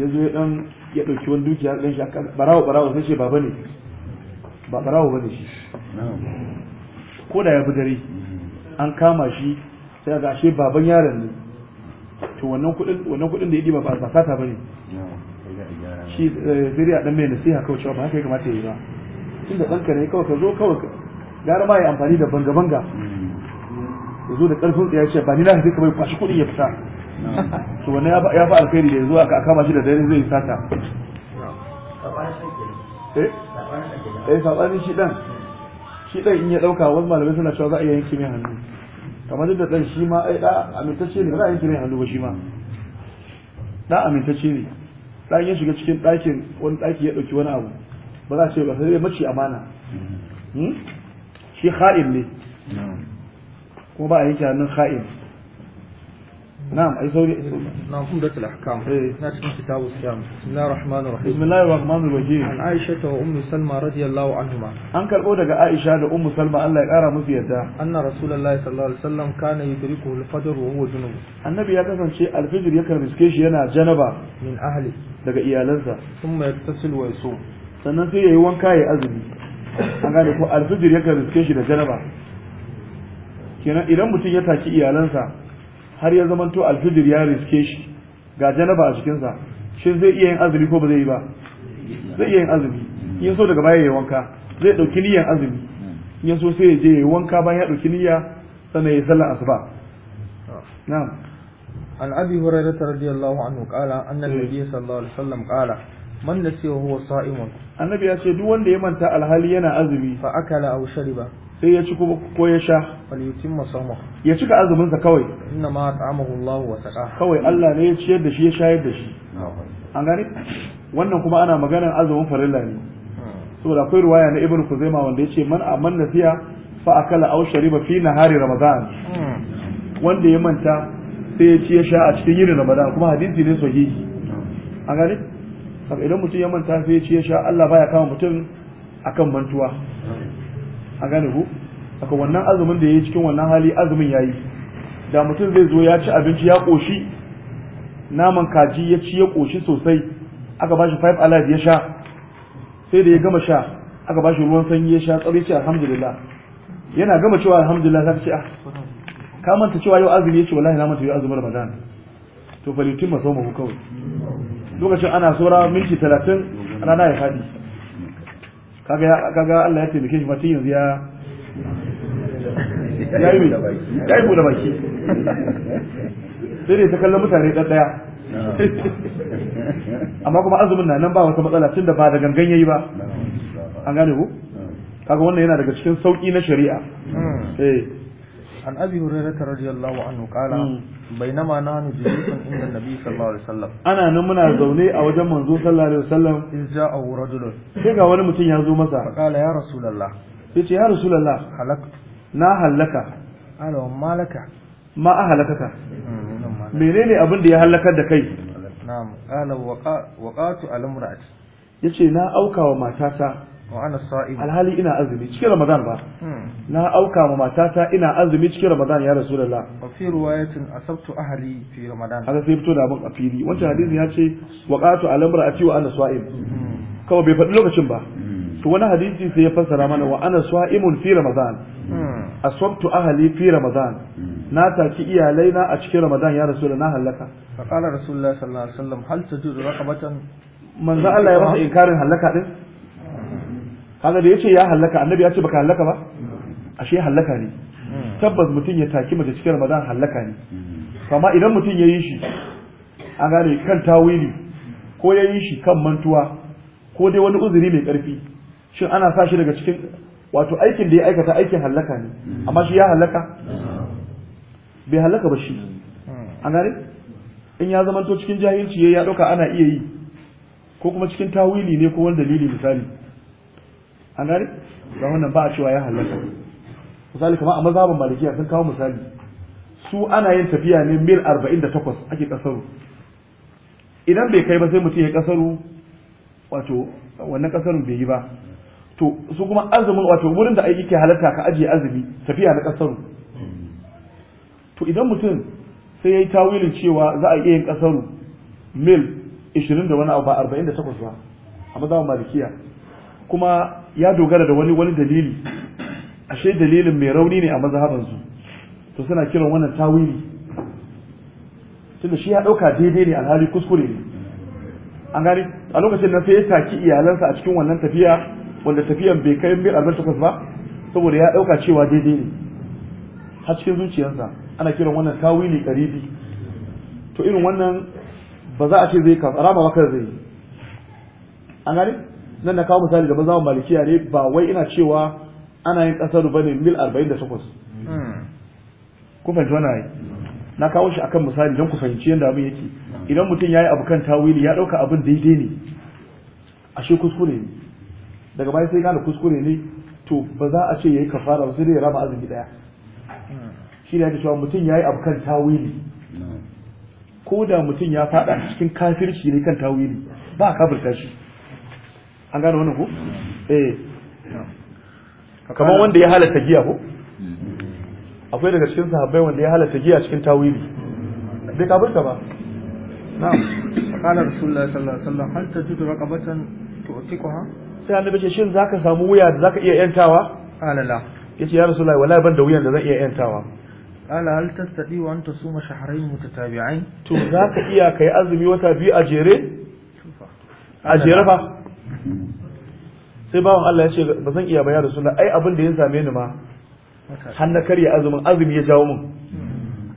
ya zo dan ya dauki wani dukiya dan barawo barawo sai ce baba ne ba barawo bane shi ko da ya bi dare an kama shi sai ga ashe baban yaron ne to wannan kuɗin wannan kuɗin da ya diba ba sata bane shi zuriya eh, dan mai nasiha kawai cewa ba haka ya kamata ya yi ba tunda ɗanka ne kawai ka zo kawai gara ma ya amfani da banga-banga ya zo da ƙarfin ya ce ba ni na haife kamar kwashi kuɗin ya fita to wannan ya fi alkhairi da ya zo aka kama shi da dare zai sata eh, eh sabani shi ɗan shi dan in ya ɗauka wasu malamai suna cewa za a iya yankin hannu kamar da kan shi ma ai da amintacce ne ra'ayin za a hannu ba shi ma da amintacce ne dan ya shiga cikin ɗakin wani ɗaki ya ɗauki wani abu ba za a ce ba sai mace amana hmm? shi kha'in ne kuma ba a yanke hannun kha'in نعم أي سوري نعم عمدة الأحكام ناتي من كتاب الصيام بسم الله الرحمن الرحيم بسم الله الرحمن الرحيم عن عائشة وأم سلمى رضي الله عنهما أنك الأولى عائشة وأم سلمى الله يقرأ مسيدا أن رسول الله صلى الله عليه وسلم كان يدركه الفجر وهو جنوب النبي يقصد شيء الفجر يكرم مسكيش ينا جنبا من أهله daga iyalansa sun mai tasil wa yaso sannan sai yayi wanka ya azumi an gane ko alfijir yakan riske shi da janaba kenan idan mutum ya taki iyalansa har ya zamanto alfijir ya riske shi ga janaba a cikinsa shi zai iya yin azumi ko ba zai yi ba zai iya yin azumi in so daga baya ya wanka zai dauki niyan azumi in so sai ya je ya wanka bayan ya dauki niyya sannan ya sallar asuba na'am عن أبي هريرة رضي الله عنه قال أن النبي صلى الله عليه وسلم قال من نسي وهو صائم النبي يا ce duk wanda ya manta alhali yana azumi fa akala aw shariba sai ya ci ko ya sha Wani yutimma sawmahu ya cika azuminsa kawai inna ma ta'amahu Allah wa saqa kawai Allah ne ya ciyar da shi ya shayar da shi an gane wannan kuma ana maganar azumin farilla ne saboda akwai ruwaya na ibnu kuzaima wanda yace man aman nafiya fa akala aw shariba fi nahari ramadan wanda ya manta sai ya ci ya sha a cikin yini ramadan kuma hadisi ne sahihi an gane saboda idan mutum ya manta sai ya ci ya sha Allah baya kama mutum akan mantuwa an gane ku haka wannan azumin da ya yi cikin wannan hali azumin ya yi da mutum zai zo ya ci abinci ya ƙoshi naman kaji ya ci ya ƙoshi sosai aka ba shi five alive ya sha sai da ya gama sha aka ba shi ruwan sanyi ya sha tsari ce alhamdulillah yana gama cewa alhamdulillah za ta ce a ah, ka manta cewa yau azumi ya ce wallahi na manta yau azumin ramadan to fa litin maso kawai lokacin ana saura minti talatin rana ya faɗi kaga kaga Allah ya taimake shi mutum yanzu ya ya yi ya yi bude baki sai dai ta kallon mutane ɗan ɗaya amma kuma azumin na nan ba wata matsala tun da ba da gangan yayi ba an gane ku kaga wannan yana daga cikin sauki na shari'a eh عن أبي هريرة رضي الله عنه قال بينما نحن جلوس عند النبي صلى الله عليه وسلم أنا نمنا زوني أو جم منزول صلى الله عليه وسلم إذ جاءه رجل شيخ أول متين يزوم مسا فقال يا رسول الله يا رسول الله na hallaka alawa malaka ma a halakaka menene abin da ya halakar da kai na'am ala waqatu al-imra'ati yace na auka wa matata wa ana sa'im alhali ina azumi cikin ramadan ba hmm. na auka wa matata ina azumi cikin ramadan ya rasulullah wa fi riwayatin asabtu ahli fi ramadan haka sai fito da abin a fili wancan hmm. hadisin ya ce waqatu al-imra'ati wa ana sa'im hmm. kawai bai faɗi lokacin ba to wani hadisi sai ya fassara mana wa ana sa'imun fi ramadan asabtu ahli fi ramadan na taki iyalai na a cikin ramadan ya da na halaka fa qala rasulullahi sallallahu alaihi wasallam hal tajuzu raqabatan manzo Allah ya masa inkarin halaka din kaga da yace ya halaka annabi ya ce baka halaka ba ashe halaka ne tabbas mutum ya taki da cikin ramadan halaka ne amma idan mutum ya yi shi an gane kan tawili ko ya yi shi kan mantuwa ko dai wani uzuri mai karfi shin ana sa shi daga cikin wato aikin da ya aikata aikin halaka ne amma shi ya halaka bai halaka ba shi an gane in ya zama to cikin jahilci ya dauka ana iya yi ko kuma cikin tawili ne ko wani dalili misali an gane ga wannan ba a cewa ya halaka misali kamar a mazhaban malikiya sun kawo misali su ana yin tafiya ne mil 48 ake kasaru idan bai kai ba sai mutum ya kasaru wato wannan kasarun bai yi ba to su kuma azumin wato wurin da ke halatta ka ajiye azumi tafiya na kasaru to idan mutum sai yayi tawilin cewa za a iya yin kasaru mil 20 da wani abu ba 48 ba a mu malikiya kuma ya dogara da wani wani dalili ashe dalilin mai rauni ne a mazhaban su to suna kiran wannan tawili tunda shi ya dauka daidai ne alhali kuskure ne an gani a lokacin nan sai ya taki iyalansa a cikin wannan tafiya wanda tafiyan bai kai mil arba'in takwas ba saboda ya ɗauka cewa daidai ne har cikin zuciyarsa ana kiran wannan tawili karibi to irin wannan ba za a ce zai kafa rama bakar zai an gani nan na kawo misali gaban zaman malikiya ne ba wai ina cewa ana yin kasar ba ne mil 48 hmm. ku fahimci wannan ai na kawo shi akan misali don ku fahimci yadda abin yake idan mutum ya yi abu kan tawili ya ɗauka abin daidai ne ashe kuskure ne daga baya sai gane kuskure ne to ba za a ce yayi kafara ba sai dai ya rama azumi daya shi ne ake cewa mutum yayi abu kan tawili ko da mutum ya fada cikin kafirci ne kan tawili ba a kafirta shi an gane wannan ko eh kamar wanda ya halatta giya ko akwai daga cikin sahabbai wanda ya halatta giya cikin tawili bai kafirta ba na'am qala rasulullahi sallallahu alaihi wasallam hal tajidu raqabatan tu'tiquha sai annabi ce shin zaka samu wuya da zaka iya yantawa qala yace ya rasulullahi wallahi ban da wuyan da zan iya yantawa qala hal tastati wa anta suma shahrayn mutatabi'ain to zaka iya kai azumi wata biyu a jere a jere fa sai bawan Allah ya ce ba zan iya ba ya rasulullahi ai abin da ya same ni ma har na karya azumin azumi ya jawo mun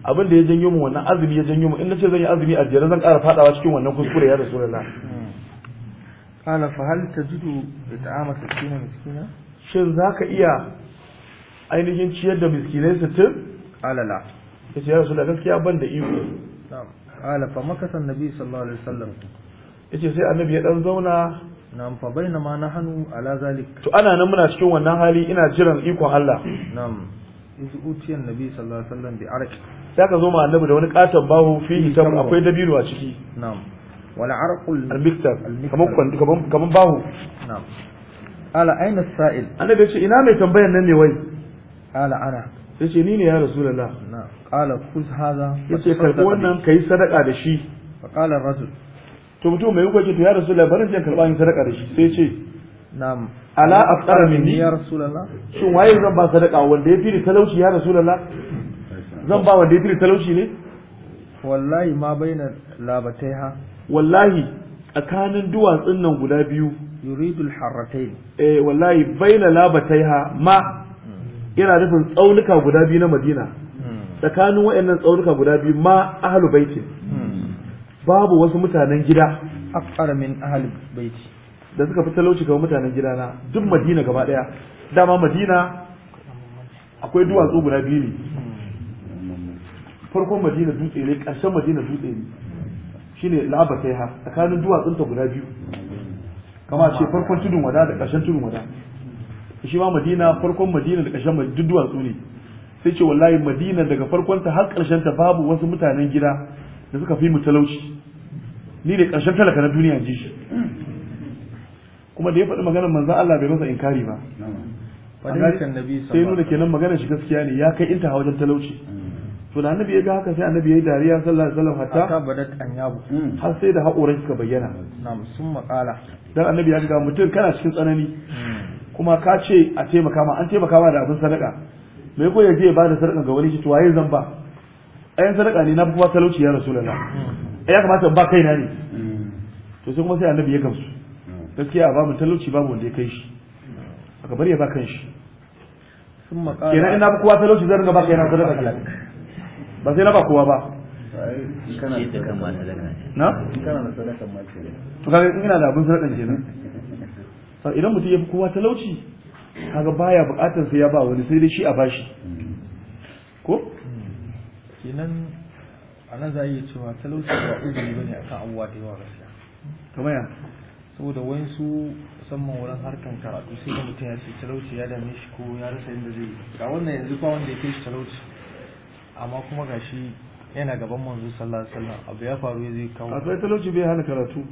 abin da ya janyo mun wannan azumi ya janyo mun in nace zan yi azumi a jere zan ƙara fadawa cikin wannan kuskure ya rasulullahi qala fa hal tajidu it'ama sittina miskina shin zaka iya ainihin ciyar da miskinai sittin qala Ya ce ya da gaskiya ban da iko na'am qala fa san nabi sallallahu alaihi wasallam yace sai annabi ya dan zauna Na'am fa na nahnu ala zalik. To ana nan muna cikin wannan hali ina jiran ikon Allah. Na'am. Izu utiyan Nabi sallallahu alaihi wasallam bi arki. Sai ka zo ma annabi da wani katon bahu fihi tam akwai dabiru a ciki. Na'am. wal arqul al-miktab kaman kwanti kaman kaman bahu na'am ala aina sa'il annabi ya ina mai tambayan nan ne wai ala ana sai ce ni ne ya rasulullah na'am qala khuz hadha yace karbi wannan kai sadaka da shi fa qala rajul to mutum mai yugo ce to ya rasulullah barin je karba ni sadaka da shi sai ce na'am ala afqara minni ya rasulullah shin waye zan ba sadaka wanda ya fili talauci ya rasulullah zan ba wanda ya talauci ne wallahi ma baina labataiha wallahi tsakanin duwatsun nan guda biyu yuridul harratain eh wallahi baina labataiha ma yana nufin tsaunuka guda biyu na madina hmm. tsakanin wayannan tsaunuka guda biyu ma ahlul baiti hmm. babu wasu mutanen gida akfar min ahlul baiti da suka fi talauci kamar mutanen gida na duk madina gaba daya dama madina akwai duwatsu guda biyu ne hmm. farkon madina dutse ne ƙarshen madina dutse ne shine laba kai ha tsakanin duwatsunta guda biyu kama ce farkon tudun wada da ƙarshen tudun wada shi ma madina farkon madina da ƙarshen duk duwatsu ne sai ce wallahi madina daga farkon ta har ƙarshen ta babu wasu mutanen gida da suka fi mu talauci ni ne ƙarshen talaka na duniya ji shi kuma da ya faɗi maganar manzo Allah bai rasa inkari ba sai nuna kenan maganar shi gaskiya ne ya kai inta wajen talauci to da annabi ya ga haka sai annabi ya yi dariya sallallahu alaihi wasallam hatta hatta badat anyabu mm. har sai da haƙoran suka bayyana na'am sun maqala dan annabi ya ga mutum kana cikin tsanani mm. kuma ka ce a taimaka ma an taimaka ma da abin sadaka me ko yaje ya bada sadaka ga wani shi to waye zan ba ayan sadaka ne na kuma talauci ya rasulullah mm. ai ya kamata in ba kaina ne to sai kuma sai annabi ya gamsu gaskiya ba mu talauci babu wanda ya kai shi aka bari ya ba kan shi kenan ina ba kowa talauci zan ga ba kaina sadaka ba sai na ba kowa ba to kaga in ina da abin sadakan kenan sau idan mutum ya fi kowa talauci kaga baya bukatar sai ya ba wani sai dai shi a bashi ko? kenan a nan za a iya cewa talauci ba uzuri ba ne a kan abubuwa da yawa gaskiya kamar ya saboda wayansu musamman wurin harkan karatu sai da mutum ya ce talauci ya dame shi ko ya rasa yadda zai yi. ga wannan yanzu ba wanda ya kai shi talauci amma kuma gashi yana gaban manzo sallallahu alaihi wasallam abu ya faru zai kawo a sai talauci bai hana karatu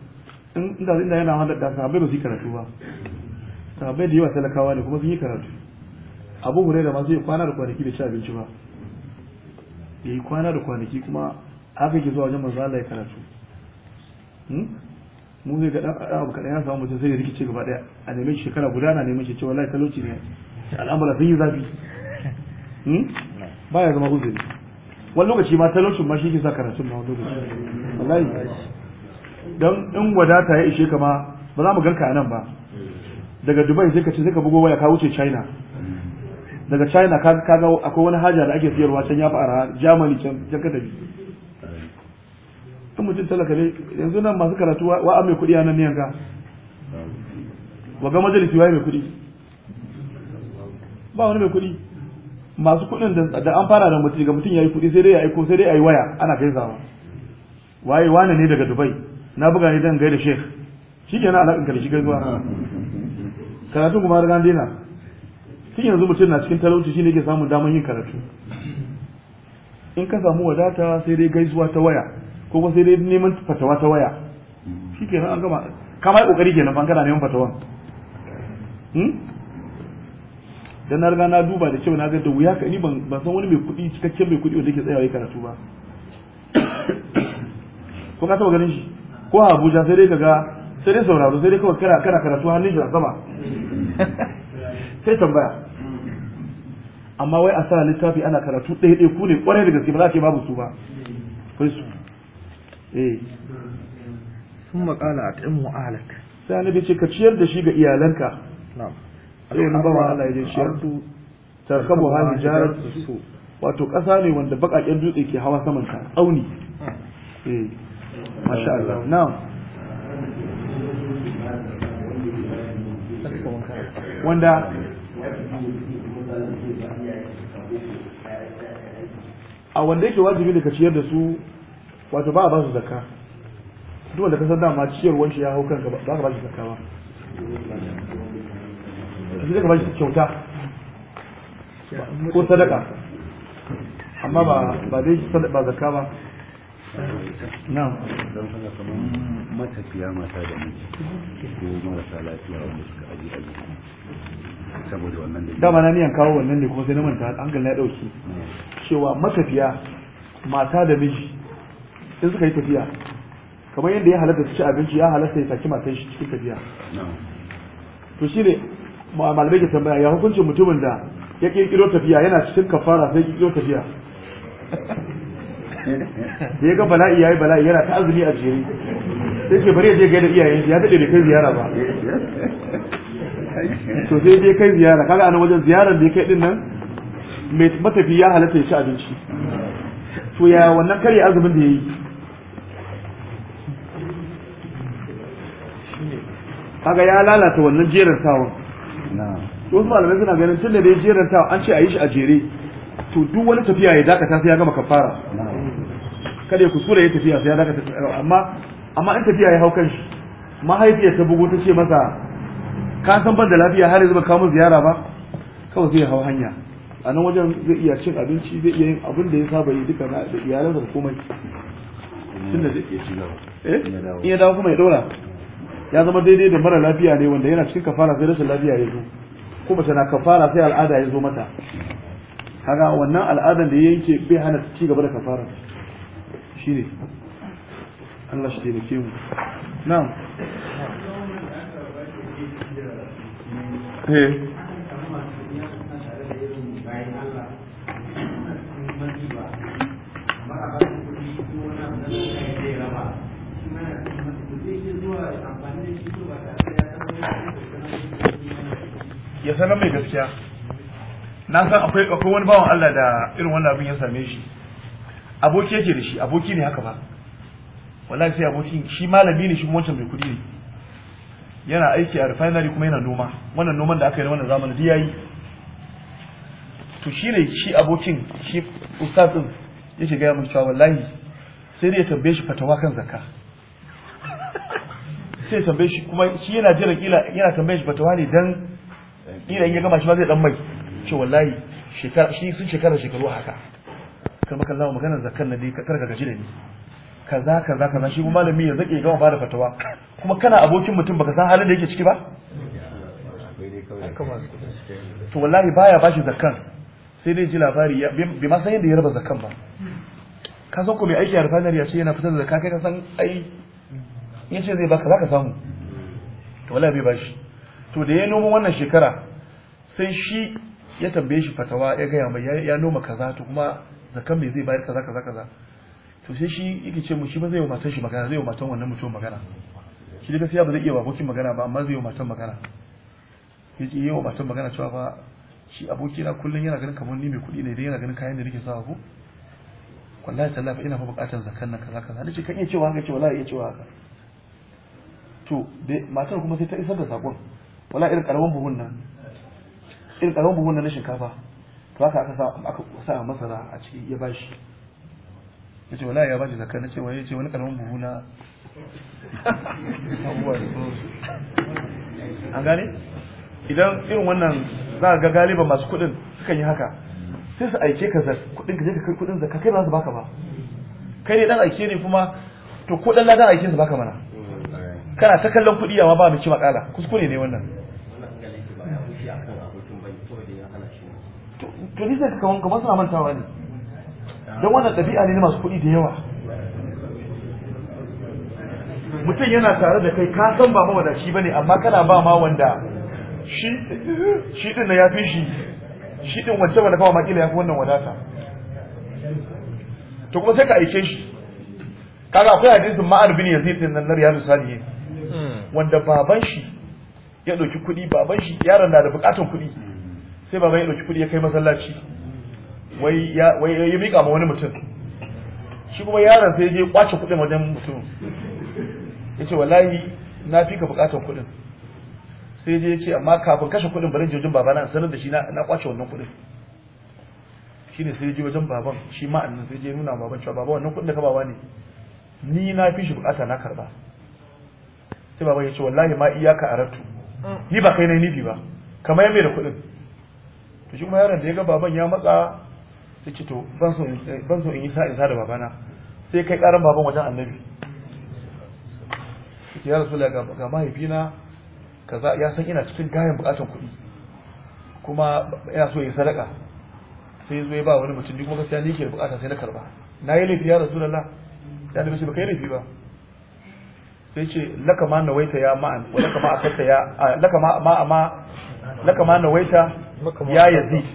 in da inda yana hada da sahabbai ba su karatu ba sahabbai da yawa talakawa ne kuma sun yi karatu abu huraira ma zai kwana da kwanaki da ci abinci ba yayi kwana da kwanaki kuma haka ke zuwa wajen manzo Allah ya karatu hmm? mu zai ga dan abu kadan ya samu mutum sai ya rikice gaba daya a neme shi shekara guda na neman shi cewa wallahi talauci ne al'amura sun yi zafi hmm? baya zama uzuri wani lokaci ma talaucin ma shi ke sa karatun ma wani lokaci wallahi Don in wadata ya ishe kama ma ba za mu ganka a nan ba daga dubai sai ka ce sai ka bugo waya ka wuce china daga china ka ga akwai wani haja da ake siyarwa can ya fara germany can can ka tafi in mutum talaka ne yanzu nan masu karatu wa mai kuɗi a nan ne yanga wa ga majalisi wa mai kuɗi ba wani mai kuɗi masu kuɗin da an fara da mutum ga mutum ya yi kuɗi sai dai ya aiko sai dai ya yi waya ana kai zawa waye wane ne daga dubai na buga ne dan gaida sheikh shi ke na alaƙin karshe kai zuwa karatu kuma har gandina tun yanzu mutum na cikin talauci shi ne ke samun damar yin karatu in ka samu wadata sai dai gaisuwa ta waya ko kuma sai dai neman fatawa ta waya shi ke an gama kama yi ƙoƙari kenan ban kana neman fatawan hmm? dan na riga na duba da kyau na ga da wuya ka ni ban san wani mai kuɗi cikakken mai kuɗi wanda yake tsayawa karatu ba ko ka taɓa ganin shi ko a Abuja sai dai kaga sai dai sauraro sai dai kawai kana kana karatu hannun shi a sama sai tambaya amma wai a sa littafi ana karatu ɗaya ɗaya ku ne ƙwarai da gaske ba za ce babu su ba kai su eh sun maƙala a ta'in mu'alak sai annabi ce ka ciyar da shi ga iyalanka na'am zai wani bawan Allah ya je shi yarsu tarkabu ha hijarat su wato kasa ne wanda baƙaƙen dutse ke hawa saman ta tsauni eh, masha Allah na'am wanda a wanda yake wajibi da ka ciyar da su wato ba a ba su zakka duk wanda ka san dama ciyarwar shi ya hau kanka ba ka ba shi zakka ba sai ka shi kyauta ko sadaka amma ba ba dai shi ba zakka ba na don haka kamar matafiya mata da miji ko marasa lafiya wanda suka aje aji saboda wannan da dama na niyan kawo wannan ne kuma sai na manta an hankali na dauki cewa matafiya mata da miji sai suka yi tafiya kamar yadda ya halatta su ci abinci ya halatta ya saki matan shi cikin tafiya to shi ne malamai ke tambaya ya hukuncin mutumin da ya kirkiro tafiya yana cikin kafara sai kirkiro tafiya da ya ga bala'i yi bala'i yana ta azumi a jere sai ke bari ya je gaida iyayen ya daɗe bai kai ziyara ba to sai je kai ziyara kaga anan wajen ziyarar da ya kai din nan mai matafi ya halatta ya ci abinci to ya wannan karya azumin da ya yi kaga ya lalata wannan jerin sawon to su malamai suna ganin tun da ya jeranta an ce a yi shi a jere to duk wani tafiya ya dakata sai ya gama kafara kada ya kuskure ya tafiya sai ya dakata amma amma in tafiya ya hau kan shi mahaifiyar ta bugu ta ce masa ka san ban da lafiya har yanzu ba kawo ziyara ba kawai zai hau hanya a nan wajen zai iya cin abinci zai iya yin abin da ya saba yi duka na da iyalansa da komai da zai iya ci gaba eh in ya dawo kuma ya dora ya zama daidai da mara lafiya ne wanda yana cikin kafara sai rashin lafiya ya zo ko tana kafara sai al'ada ya zo mata kaga wannan al'adan da ya yanke bai hana ci gaba da kafara shine Allah shi ke mu na'am eh ya sanar mai gaskiya na san akwai akwai wani bawan Allah da irin wannan abin ya same shi aboki yake da shi aboki ne haka ba wallahi sai abokin shi malami ne shi wancan mai kudi ne yana aiki a refinery kuma yana noma wannan noman da aka yi wannan zamanin da yayi to shi ne shi abokin shi ustaz din yake gaya mun cewa wallahi sai dai ya tambaye shi fatawa kan zakka sai tambaye shi kuma shi yana jiran kila yana tambaye shi fatawa ne dan ina in ya gama shi ma zai dan mai ce wallahi shekara shi sun shekara shekaru haka kan maka lawa maganar zakar na dai kar ka gaji da ni kaza kaza kaza shi malami ya zake gama bada fatawa kuma kana abokin mutum baka san halin da yake ciki ba to wallahi baya bashi zakkan sai dai ji labari bai ma san yadda ya raba zakkan ba ka san ko mai aiki a rufanar ya ce yana fitar da zakar kai ka san ai yace zai baka zaka samu to wallahi bai bashi to da ya noma wannan shekara sai shi ya tambaye shi fatawa ya gaya mai ya noma kaza to kuma zakan mai zai bayar kaza kaza kaza to sai shi yake ce mu shi ba zai yi matan shi magana zai yi matan wannan mutum magana shi da gaskiya ba zai iya abokin magana ba amma zai yi matan magana ya ce yi wa matan magana cewa ba shi abokina kullum yana ganin kamar ni mai kuɗi ne idan yana ganin kayan da nake sawa ko wallahi tallafa ina fa buƙatar zakan nan kaza kaza dace kan iya cewa haka ce wallahi iya cewa haka to matan matar kuma sai ta isar da sakon wala irin karamin buhun nan irin karamin buhun nan na shinkafa to haka aka sa aka sa masara a ciki ya bashi yace wala ya bashi zakka nace wai yace wani karamin buhu na abuwa an gane idan irin wannan za ga galiba masu kuɗin sukan yi haka sai su aike ka kuɗin ka je ka kai kuɗin zakka kai ba su baka ba kai ne dan aike ne kuma to ko dan ladan aike su baka mana mm, kana ta kallon kuɗi amma ba mu ci makala kuskure ne wannan to ka wanka kaman kaman suna mantawa ne don wannan ɗabi'a ne na masu kuɗi da yawa mutum yana tare da kai ka san ba ne bane amma kana ba ma wanda shi shi din na yafi shi shi din wanda ba ba ma kila wannan wadata to kuma sai ka aike shi kaga akwai hadisin ma'ar bin yazid din nan riyadu salihin hmm. wanda baban shi ya ɗauki kuɗi baban shi yaron na da bukatun kuɗi sai baban ya ɗauki kuɗi ya kai masallaci wai ya miƙa ma wani mutum shi kuma yaron sai je kwace kuɗin wajen mutum ya ce wallahi na fi ka buƙatar kuɗin sai je ce amma kafin kashe kuɗin bari jirgin baba babana sanar da shi na kwace wannan kuɗin ne sai je wajen baban shi ma annan sai je nuna baban cewa baba wannan kuɗin da ka bawa ne ni na fi shi buƙata na karɓa sai baban ya ce wallahi ma iyaka a aratu ni ba kai na nibi ba kamar yame da kuɗin to shi kuma yaron da ya ga baban ya matsa ya ce to ban so in eh, yi sa'in sa da babana sai kai karan baban wajen annabi ya rasu ga mahaifina kaza ya san ina cikin gayan bukatan kuɗi kuma ya so yi sadaka sai zo ya ba wani mutum kuma gaskiya ne ke bukata sai na karba na yi laifi ya rasu da ya da ba baka yi laifi ba sai ce laka ma nawaita ya ma'an laka ma asatta ya laka ma ma laka ma ya yazid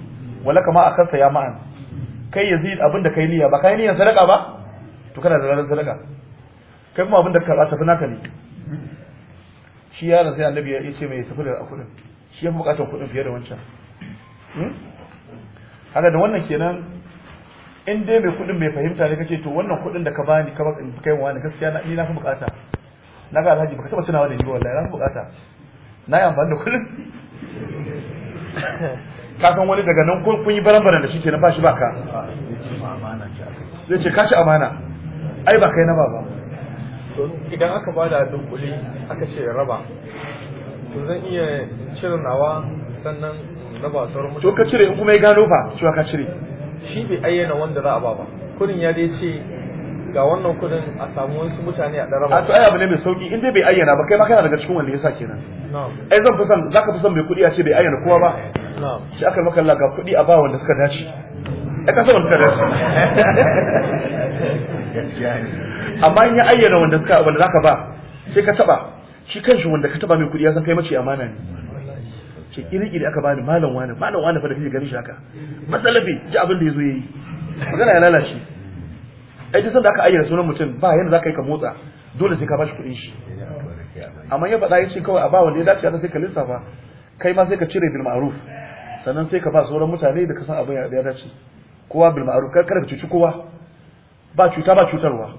wala kama a kansa ya ma'an kai yazid abin da kai niyya ba kai niyyan sadaka ba to kana da ranar sadaka kai kuma abin da ka tafi naka ne shi yaron sai annabi ya ce mai tafi da kuɗin shi ya fi bukatar kuɗin fiye da wancan hmm? haka da wannan kenan in dai mai kuɗin bai fahimta ne kake to wannan kuɗin da ka bani ka kai wa ne gaskiya ni na fi bukata na ga alhaji baka taba tunawa da ni wallahi na fi bukata na yi amfani da kuɗin kasan wani daga nan kun yi baran-baran da shi na ba shi ba ka zai ce kashi amana ai ba kai na ba ba idan aka ba da dunkuli aka ce raba to zan iya cire nawa sannan ba sauran mutane to ka cire in kuma ya gano ba. cewa ka cire shi bai ayyana wanda za a ba ba kurin ya dai ce ga wannan kudin a samu wasu mutane a ɗarama a to ai abu ne mai sauki in dai bai ayyana ba kai ma kana daga cikin wanda yasa kenan ai zan fi za ka fi mai kuɗi a ce bai ayyana kowa ba shi aka maka Allah ga kuɗi a ba wanda suka dace ai ka san wanda suka dace amma in ya ayyana wanda suka wanda zaka ba sai ka taba shi kanshi wanda ka taba mai kuɗi ya san kai mace amana ne ce kiri-kiri aka bani malam wani malam wani fa da kake ganin shi haka matsalabi ji abin da ya zo ya yi magana ya lalace ai duk da aka ayyana sunan mutum ba yanda zaka yi ka motsa dole sai ka bashi kuɗin shi amma ya faɗa yace kawai a ba wanda ya dace ya sai ka lissafa kai ma sai ka cire bil ma'ruf sannan sai ka ba sauran mutane da ka san abin ya dace kowa bil ma'ruf kar ka cuci kowa ba cuta ba cutarwa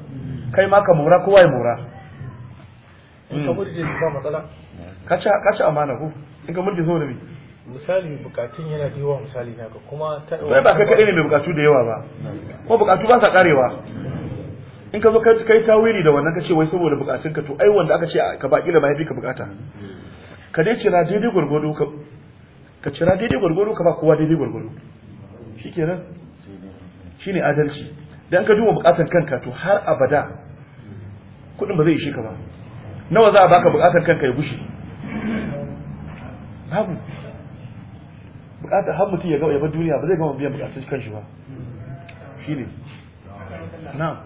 kai ma ka mora kowa ya mora ka murje ba matsala. ci amana ko in ka murje saboda me misali bukatun yana da yawa misali naka kuma ta ba ka kaɗai ne mai bukatu da yawa ba kuma bukatu ba sa karewa in ka zo kai kai tawiri da wannan kace wai saboda bukatun ka to ai wanda aka ce ka baki da mahaifi ka bukata ka dai cira daidai gurgudu ka ka cira daidai gurgudu ka ba kowa daidai gurgudu shikenan shine adalci dan ka duba bukatun kanka to har abada kudin ba zai ishe ka ba nawa za a baka bukatun kanka ya gushe babu bukatar har mutum ya gama yabar duniya ba zai gama biyan bukatun kan shi ba shi ne Na.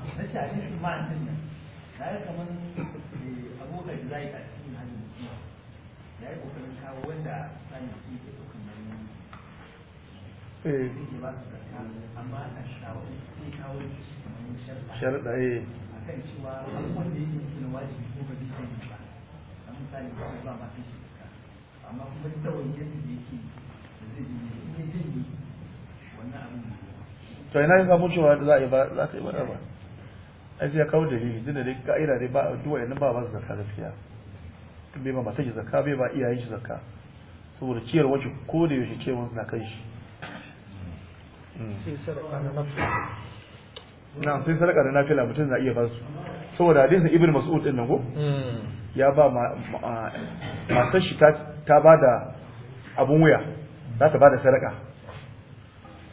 sharaɗa eh akan cewa da yake to ina yin samu cewa da za a yi ba za ka yi bada ba ai sai ya kawo dalili da dai ka'ida dai ba duwa yanzu ba ba su zakka gaskiya bai ba mata shi zakka bai ba iyayen shi zakka saboda ciyar wacce ko da yaushe ce wasu na kai shi na sai sadaka da nafila mutum na iya ba su saboda hadisin ibn mas'ud din nan ko hmm. ya ba ma matar shi ta ba da abun wuya za ta da sadaka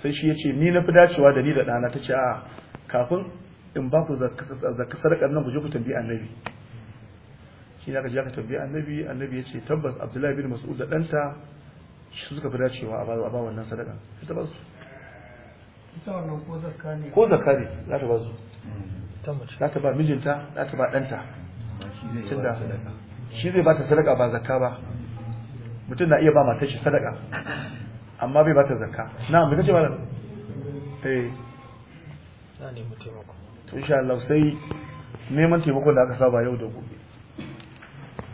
sai shi ya ce ni na fi dacewa da ni da ɗana ta ce a kafin in ba ku zaka sadakar nan ku je ku tambi annabi shi na ka je ka tambi annabi annabi ya ce tabbas abdullahi bin mas'ud da ɗanta shi suka fi dacewa a ba wannan sadaka sai ta ba su ko zakka ne za ta ba su za ta ba mijinta za ta ba ɗanta shi zai ba ta sadaka ba zakka ba mutum na iya ba matar shi sadaka amma bai bata zakka na mu ba ta yi na ne mu taimako insha Allah sai neman taimakon da aka saba yau da gobe